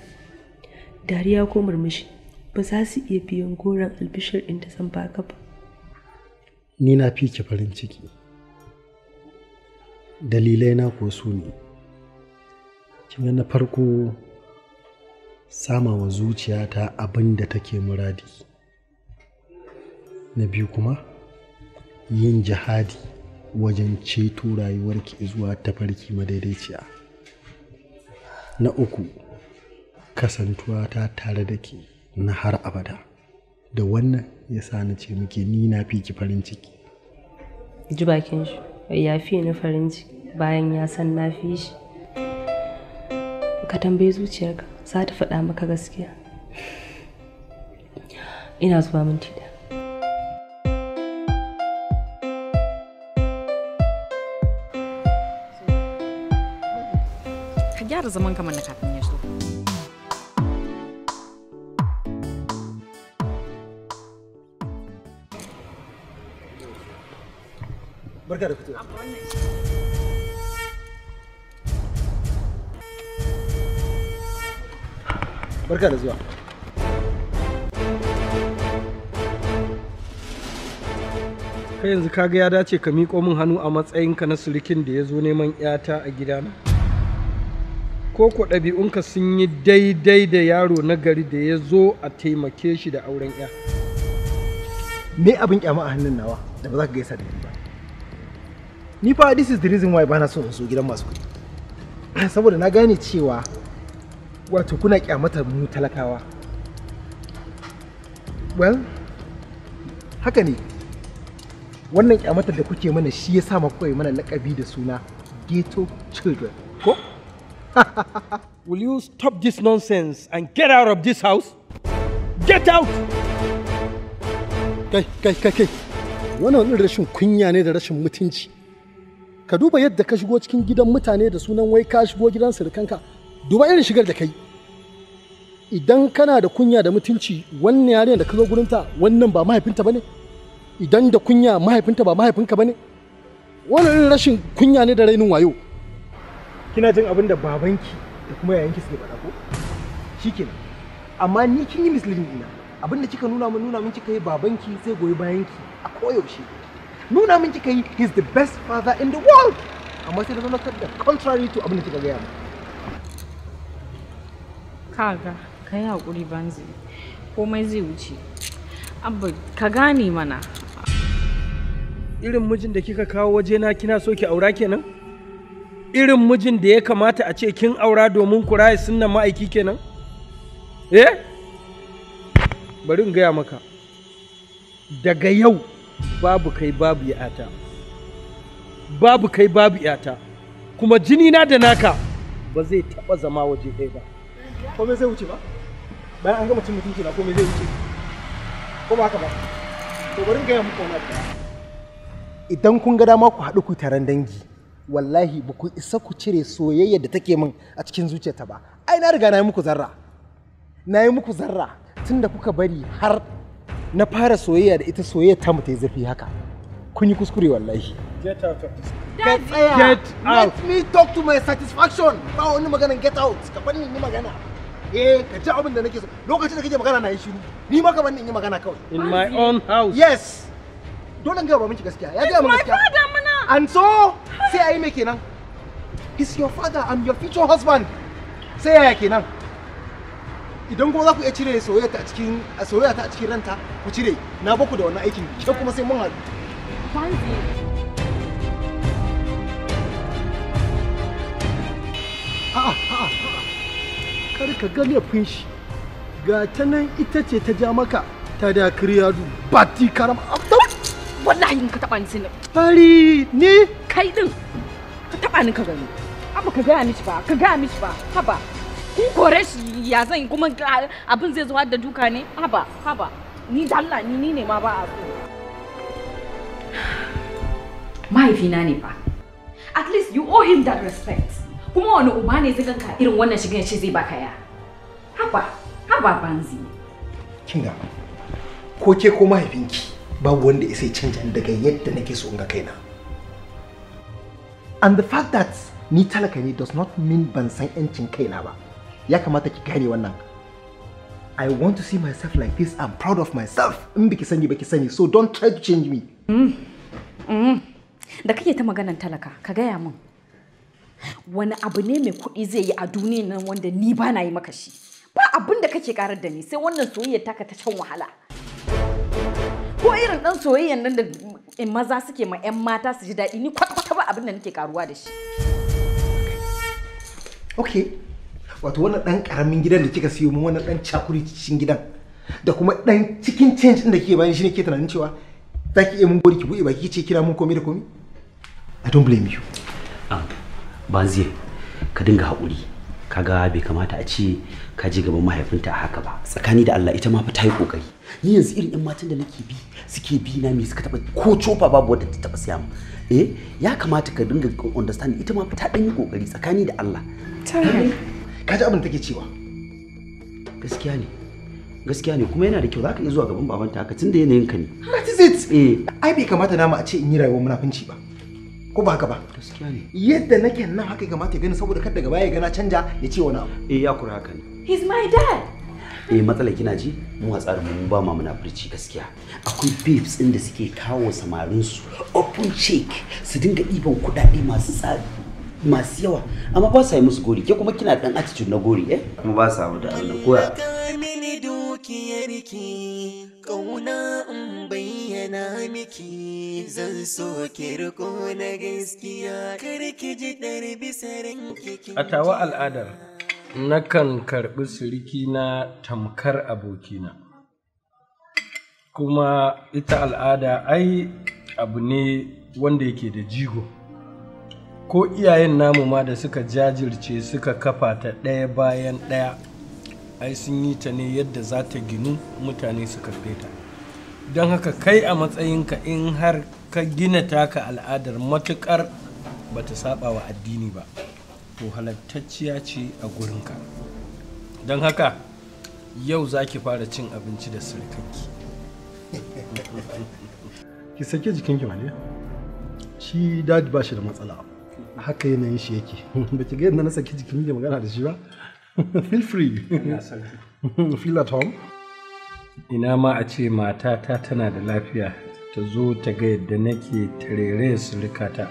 Speaker 7: dariya ko murmushi ba za su iya biyan goron albishir in da zan baka ba
Speaker 1: ni na fi ki farin ciki dalilai na ko su ne kin na farko sama wa zuciyata abinda da take muradi na biyu kuma yin jihadi wajen ceto rayuwarki zuwa tafarki madaidaiciya na uku kasantuwa ta tare da ke na har abada da wannan ya sa na ce muke ni na fi ki farin ciki
Speaker 7: ji bakin shi ya fi ni farin ciki bayan ya san na fi shi ka tambayi zuciyarka za ta faɗa maka gaskiya ina zuwa minti da
Speaker 3: gyara zaman kamar na kafin ya zo.
Speaker 1: Barka da fitowa. Barka da zuwa. Kai yanzu kaga ya dace ka miƙo min hannu a matsayinka na sulikin da ya zo neman 'yata a gidana? ko ɗabi'unka sun yi daidai da yaro na gari da ya zo a taimake shi da auren ya me abin kyama a hannun nawa da ba za ka gaisa da ni ba ni fa this is the reason why bana so in so gidan masu kuɗi (clears throat) saboda na gane cewa wato kuna kyamatar mu talakawa well haka ne wannan kyamatar da kuke mana shi ya sa kuka mana lakabi da suna ghetto children ko Will you stop this nonsense and get out of this house? Get out! Kai, kai, kai, kai. Wannan wani rashin kunya ne da rashin mutunci. Ka duba yadda ka shigo cikin gidan mutane da sunan wai ka shigo gidan surukanka. Duba irin shigar da kai. Idan kana da kunya da mutunci, wannan yare da ka zo gurinta wannan ba mahaifinta ba ne? Idan da kunya mahaifinta ba mahaifinka ba ne? Wannan rashin kunya ne da rainin wayo. kina jin abin da babanki da kuma yayanki suke faɗa ko shikenan amma ni kin yi misleading ina abin da kika nuna min nuna min kika yi babanki zai goyi bayanki a koyaushe nuna min kika yi he's the best father in the world amma sai da zama da contrary to abin da kika gaya min
Speaker 5: kaga ka yi banzi komai zai wuce abba ka gane mana irin mijin da kika kawo
Speaker 1: wajena kina so ki aura kenan irin mijin da ya kamata a ce kin aura domin ku raye sunnan ma'aiki kenan eh bari in gaya maka daga yau babu kai babu yata babu kai babu yata kuma jini na da naka ba zai taba zama waje ɗaya ba komai zai wuce ba bayan an gama cin mutunci na komai zai wuce ko ba haka ba to bari in gaya muku wani idan kun ga dama ku haɗu ku taron dangi wallahi ba ku isa ku cire soyayya da take min a cikin zuciyarta ba ai na riga na yi muku zarra na yi muku zarra tun da kuka bari har na fara soyayya da ita soyayya ta mu ta yi zafi haka kun yi kuskure wallahi get out of this get, get out let me talk to my satisfaction ba wani magana get out ka bani ni magana eh ka ci abin da nake so lokacin da kake magana na yi shiru ni ma ka bani in yi magana kawai in my own house yes don't ga ba miki gaskiya ya ga mu gaskiya And so, sai a yi kenan. He's your father and your future husband. Sai yaya kenan. Idan kuma za ku iya cire soyayya ta cikin soyayya ta cikin ranta, ku cire. Na baku da wannan aikin. Ke kuma sai mun haɗu. A'a, a'a, kar ka ga laifin shi. Ga ta nan ita ce ta ja maka ta da kiriyadu. Bati karam after
Speaker 3: wallahi in ka taba ni sai na ni kai din ka taba ni ka gani abu ka gaya mishi ba ka gaya mishi ba haba
Speaker 5: kun kore shi
Speaker 3: ya zan kuma abin zai zuwa da duka ne haba haba ni da Allah ni ne ma ba a so mahaifina ne fa at least you owe him that respect kuma wani uba ne zai ganka irin wannan shigan shi zai baka ya haba haba banzi kinga
Speaker 1: ko ke ko mahaifinki babu wanda ya sai canja daga yadda nake so ga kaina and the fact that ni talaka ne does not mean ban san yancin kaina ba ya kamata ki gane wannan I want to see myself like this. I'm proud of myself. In biki sani baki sani. So don't try to change me.
Speaker 3: Mm, mm. Da kake ta maganan talaka, ka gaya min. Wani abu ne mai kuɗi zai yi a duniyan nan wanda ni ba na yi maka shi. Ba abin da kake karar da ni sai wannan soyayya taka ta can wahala. ko irin dan soyayyan nan da maza suke ma 'yan mata su ji daɗi ni kwata-kwata ba abin da nake karuwa da shi.
Speaker 1: Okay, wato wannan dan ƙaramin gidan da kika siyo min wannan ɗan cakuri cikin gidan da kuma ɗan cikin change ɗin da kike bayan shi ne ke tunanin cewa za ki iya mun gori ki buɗe baki ce kira mun komai da komai? I don't blame you.
Speaker 6: Ang, Banziye, ka dinga hakuri. kaga bai kamata a ce ka ji gaban mahaifinta a haka ba tsakani da Allah ita ma fa ta yi kokari ni yanzu irin yan matan da nake bi suke bi na me suka taba ko cofa babu wadda ta taba siya eh ya kamata ka dinga understand ita ma fa ta dan yi kokari tsakani da Allah ka ji abin da take cewa gaskiya ne gaskiya ne kuma yana da kyau zaka iya zuwa
Speaker 1: gaban babanta haka tunda yanayin ka ne that is it eh ai bai kamata na mu a ce in yi rayuwar munafunci ba ko ba haka ba gaskiya ne yadda nake nan haka ga mata gani saboda kada gaba ya gana canja ya ce wani abu
Speaker 6: eh ya kura haka ne
Speaker 3: he's my dad
Speaker 6: eh matsalar kina ji mu a tsarin mu ba ma furci gaskiya akwai babes din da suke kawo samarin su open check su dinga diban kuɗaɗe masu tsari masu yawa amma ba sa yi musu gori ke kuma kina dan attitude na gori eh kuma ba sa mu da Allah koya dukiyarki ƙauna in bayyana miki zan
Speaker 1: so ki riko na
Speaker 6: gaskiya karki ji ɗari bisa
Speaker 1: a tawa al'adar nakan karɓi siriki na tamkar abokina kuma ita al'ada ai abu ne wanda yake da jigo ko iyayen namu ma da suka jajirce suka kafa ta ɗaya bayan ɗaya ai sun yi ta ne yadda za ta ginu mutane su feta, ta don haka kai a matsayinka in har ka gina taka al'adar matuƙar ba ta saba wa addini ba to halattacciya ce a gurinka don haka yau za ki fara cin abinci da sirkanki (laughs) ki sake jikinki ne. shi dadi ba shi da matsala haka yanayin shi yake (laughs) ba ki ga yadda na sake jikinki magana da shi ba (laughs) feel free (laughs) feel at home ina ma a ce matata tana da lafiya ta zo ta ga yadda nake tarere su rikata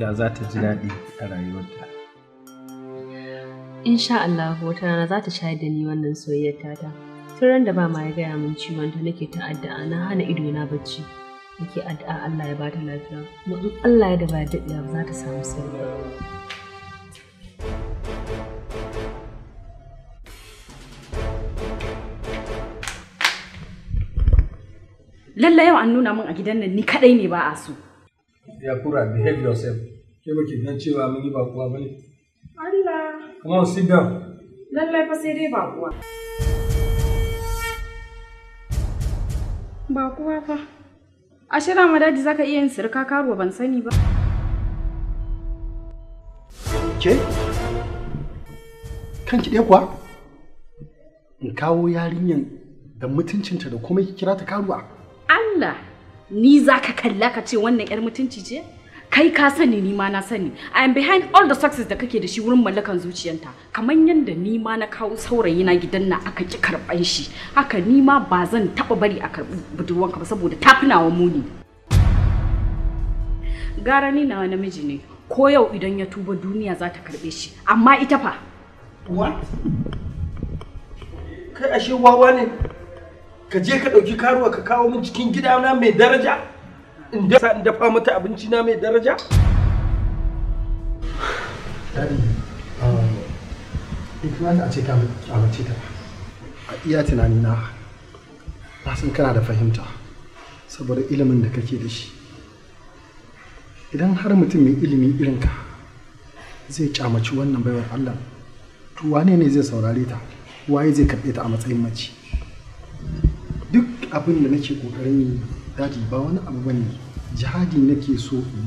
Speaker 1: da za ta ji daɗi a rayuwarta
Speaker 7: insha Allah wata rana za ta shayar da ni wannan soyayyar tata Turan da ba ma ya gaya min ciwon ta nake ta addu'a na hana ido na bacci nake addu'a Allah ya bata lafiya Mu in Allah ya da ba za ta samu sauki
Speaker 3: lalle yau an nuna min a gidan nan ni kadai ne ba a so
Speaker 1: ya kura behave yourself ke muke ki cewa mun yi ba kuwa bane Allah come on sit
Speaker 3: down
Speaker 5: lallai fa sai dai ba kuwa
Speaker 3: ba kuwa fa ashe ramadaji zaka iya yin sirka karuwa ban sani ba
Speaker 1: ke ki ɗaya kuwa in kawo yarinyan da mutuncinta da kuma kira ta karuwa
Speaker 3: Allah ni za ka kalla ka ce wannan yar mutunci ce kai ka sani ni ma na sani i am behind all the success da kake da shi wurin mallakan zuciyanta kamar yadda ni ma na kawo saurayi na gidan na aka ki karban shi haka ni ma ba zan taba bari a karbi budurwanka ba saboda ta wa muni gara ni na namiji ne ko yau idan ya tuba duniya za ta karbe shi amma ita fa
Speaker 1: what kai ashe wawa ne ka je ka ɗauki karuwa ka kawo min cikin gidana mai daraja in dafa mata abinci na mai daraja Daddy, um, bai a ce ka amince ta a iya tunani na na san kana da fahimta saboda ilimin da kake da shi idan har mutum mai ilimi irin ka zai camaci wannan baiwar allah to wane ne zai saurare ta waye zai karɓe ta a matsayin mace abin da nake kokarin yi daji ba wani abu bane jihadi nake so in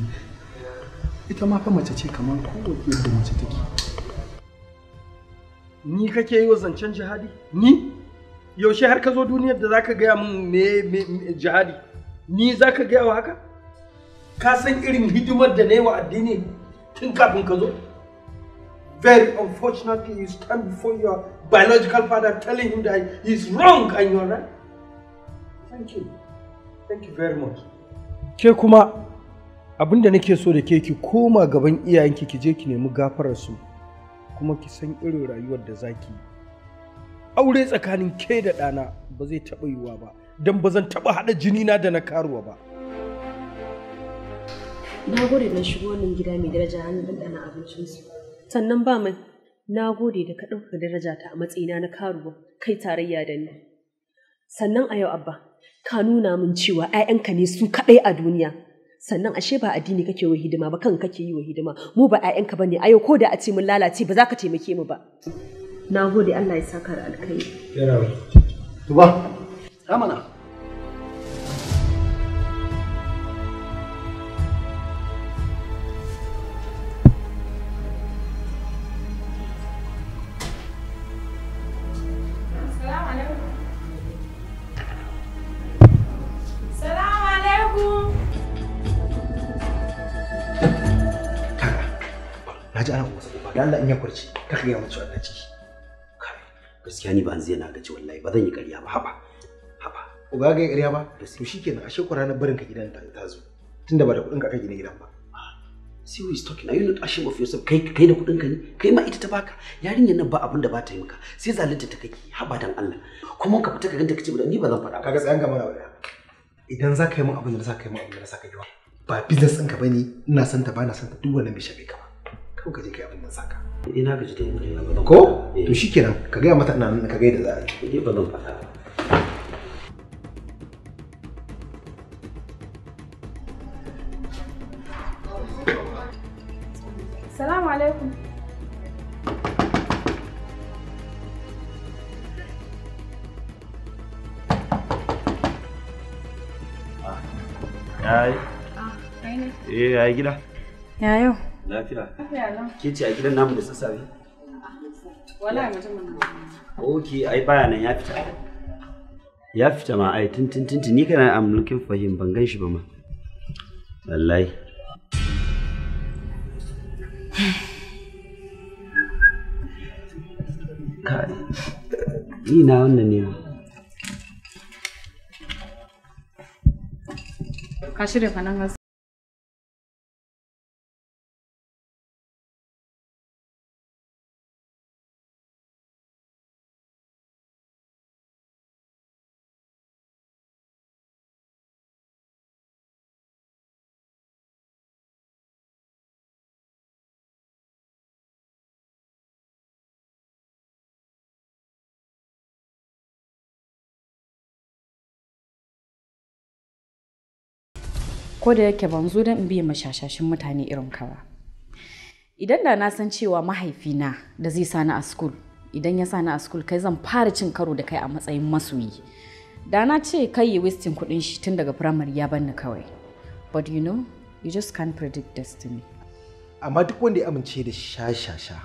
Speaker 1: ita ma fa mace ce kamar kowace yadda mace take ni kake yi wa zancen jihadi ni yaushe har ka zo duniyar da zaka gaya min me jihadi ni zaka gaya wa haka ka san irin hidimar da na yi wa addini tun kafin ka zo very unfortunately you stand before your biological father telling him that he's wrong and you're right Thank you. Thank you very much. Ke kuma abin da nake so da ke ki koma gaban iyayenki ki je ki nemi gafarar su kuma ki san irin rayuwar da zaki yi. Aure tsakanin ke da ɗana ba zai taɓa yiwuwa ba don ba zan taɓa haɗa jini na da na karuwa ba. Na
Speaker 7: gode da shigo wannan gida mai daraja hannun ɗanɗana abincinsu. Sannan ba mai na gode da ka daraja darajata a matsayina na karuwa kai tarayya da ni. Sannan a yau abba, ka nuna min cewa 'ya'yanka ne su kaɗai a duniya sannan ashe ba addini kake wa hidima ba kan kake yi wa hidima mu ba 'ya'yanka bane ayo ko da a ce mun lalace ba za ka taimake mu ba na gode Allah ya saka da alkai
Speaker 1: tuba ramana da Allah in ya kurci ka ga mu cewa ciki
Speaker 6: gaskiya ni ba zai na gaji wallahi ba zan yi ƙarya ba haba
Speaker 1: haba uga ga ƙarya ba to shikenan ashe ku ranar barin ka gidan ta ta zo tunda ba da kuɗin ka kai gina gidan ba ah, see who is talking are you not ashamed of yourself kai kai da kuɗin ka ne kai ma ita ta baka yarinyar
Speaker 6: nan ba abin da ba ta yi maka sai zalunta ta kake haba dan Allah kuma ka fita ka ganta kace ni ba zan faɗa kaga
Speaker 1: tsayan mana wala idan za ka yi min abin da za ka yi min abin da za ka yi ba business ɗinka bane ina son ta ba na duk shafe ka ba kawai ka abin nan saka ina gaji da yin ba ko eh. to shikenan ka gaya mata ina nan ka ga za a yi ba zan
Speaker 5: Salamu alaikum. Ah, ne.
Speaker 6: Eh, gida. Ya yau. Lafiya. Ke ce a gidan namu da sassafe? mutumin ai baya nan ya fita. Ya fita ma ai tun tun tun ni kana am looking for ban gan shi ba ma. Wallahi. Kai. Ni na wannan ne ma.
Speaker 5: Ka shirya fa nan
Speaker 3: ko da yake ban zo don in biya mashashashin mutane irin ka ba idan da na san cewa mahaifina da zai sani a school idan ya sani a school kai zan fara cin karo da kai a matsayin masoyi da na ce kai yi wasting kudin shi tun daga primary ya banni kawai but you know you just can't predict destiny
Speaker 1: amma duk wanda ya amince da shashasha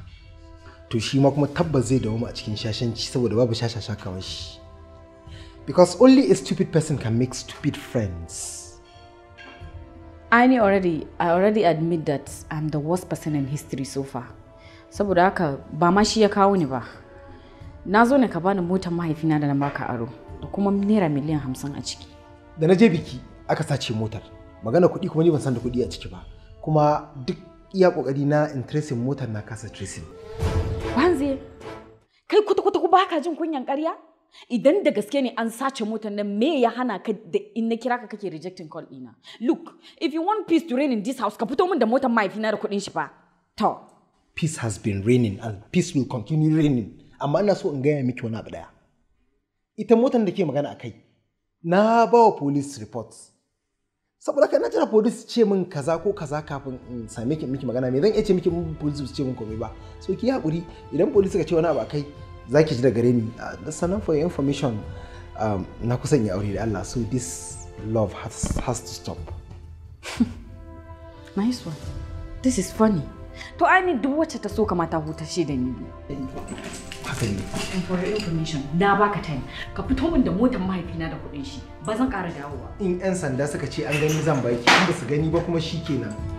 Speaker 1: to shi ma kuma tabbas zai dawo a cikin shashanci saboda babu shashasha kamar shi because only a stupid person can make stupid friends
Speaker 3: I already I already admit that I'm the worst person in history so far. Saboda haka ba ma shi ya kawo ni ba. Na zo ne ka bani motar mahaifina da na baka aro da kuma naira miliyan hamsin a ciki.
Speaker 1: Da na je biki aka sace motar. Magana kuɗi kuma ni ban san da kuɗi a ciki ba. Kuma duk iya kokari na in motar na kasa tracing.
Speaker 3: Wanze kai kuta kuta ku baka jin kunyan ƙarya? idan da gaske ne an sace motar nan me ya hana ka da in na kira ka kake rejecting call ina look if you want peace to reign in this house ka fito min da motar mahaifina da kuɗin shi fa
Speaker 1: to peace has been reigning and peace will continue reigning amma ina so in gaya miki wani abu daya
Speaker 3: ita motar da ke
Speaker 1: magana akai na ba wa police reports saboda kai na jira police ce min kaza ko kaza kafin in same ki miki magana me zan iya ce miki police ce min komai ba so ki haƙuri idan police suka ce wani abu akai za ki ji da gare ni ah, sannan for your information um, na kusan ya aure da Allah so this love has, has to stop
Speaker 3: (laughs) nice one this is funny to ai ni duk wacce ta so kamata hutashe da ni haka ne for your information na baka time ka fito min da motar mahaifina da kudin shi ba zan ƙara dawowa
Speaker 1: in 'yan sanda suka ce an gani zan baki inda su gani ba kuma shikenan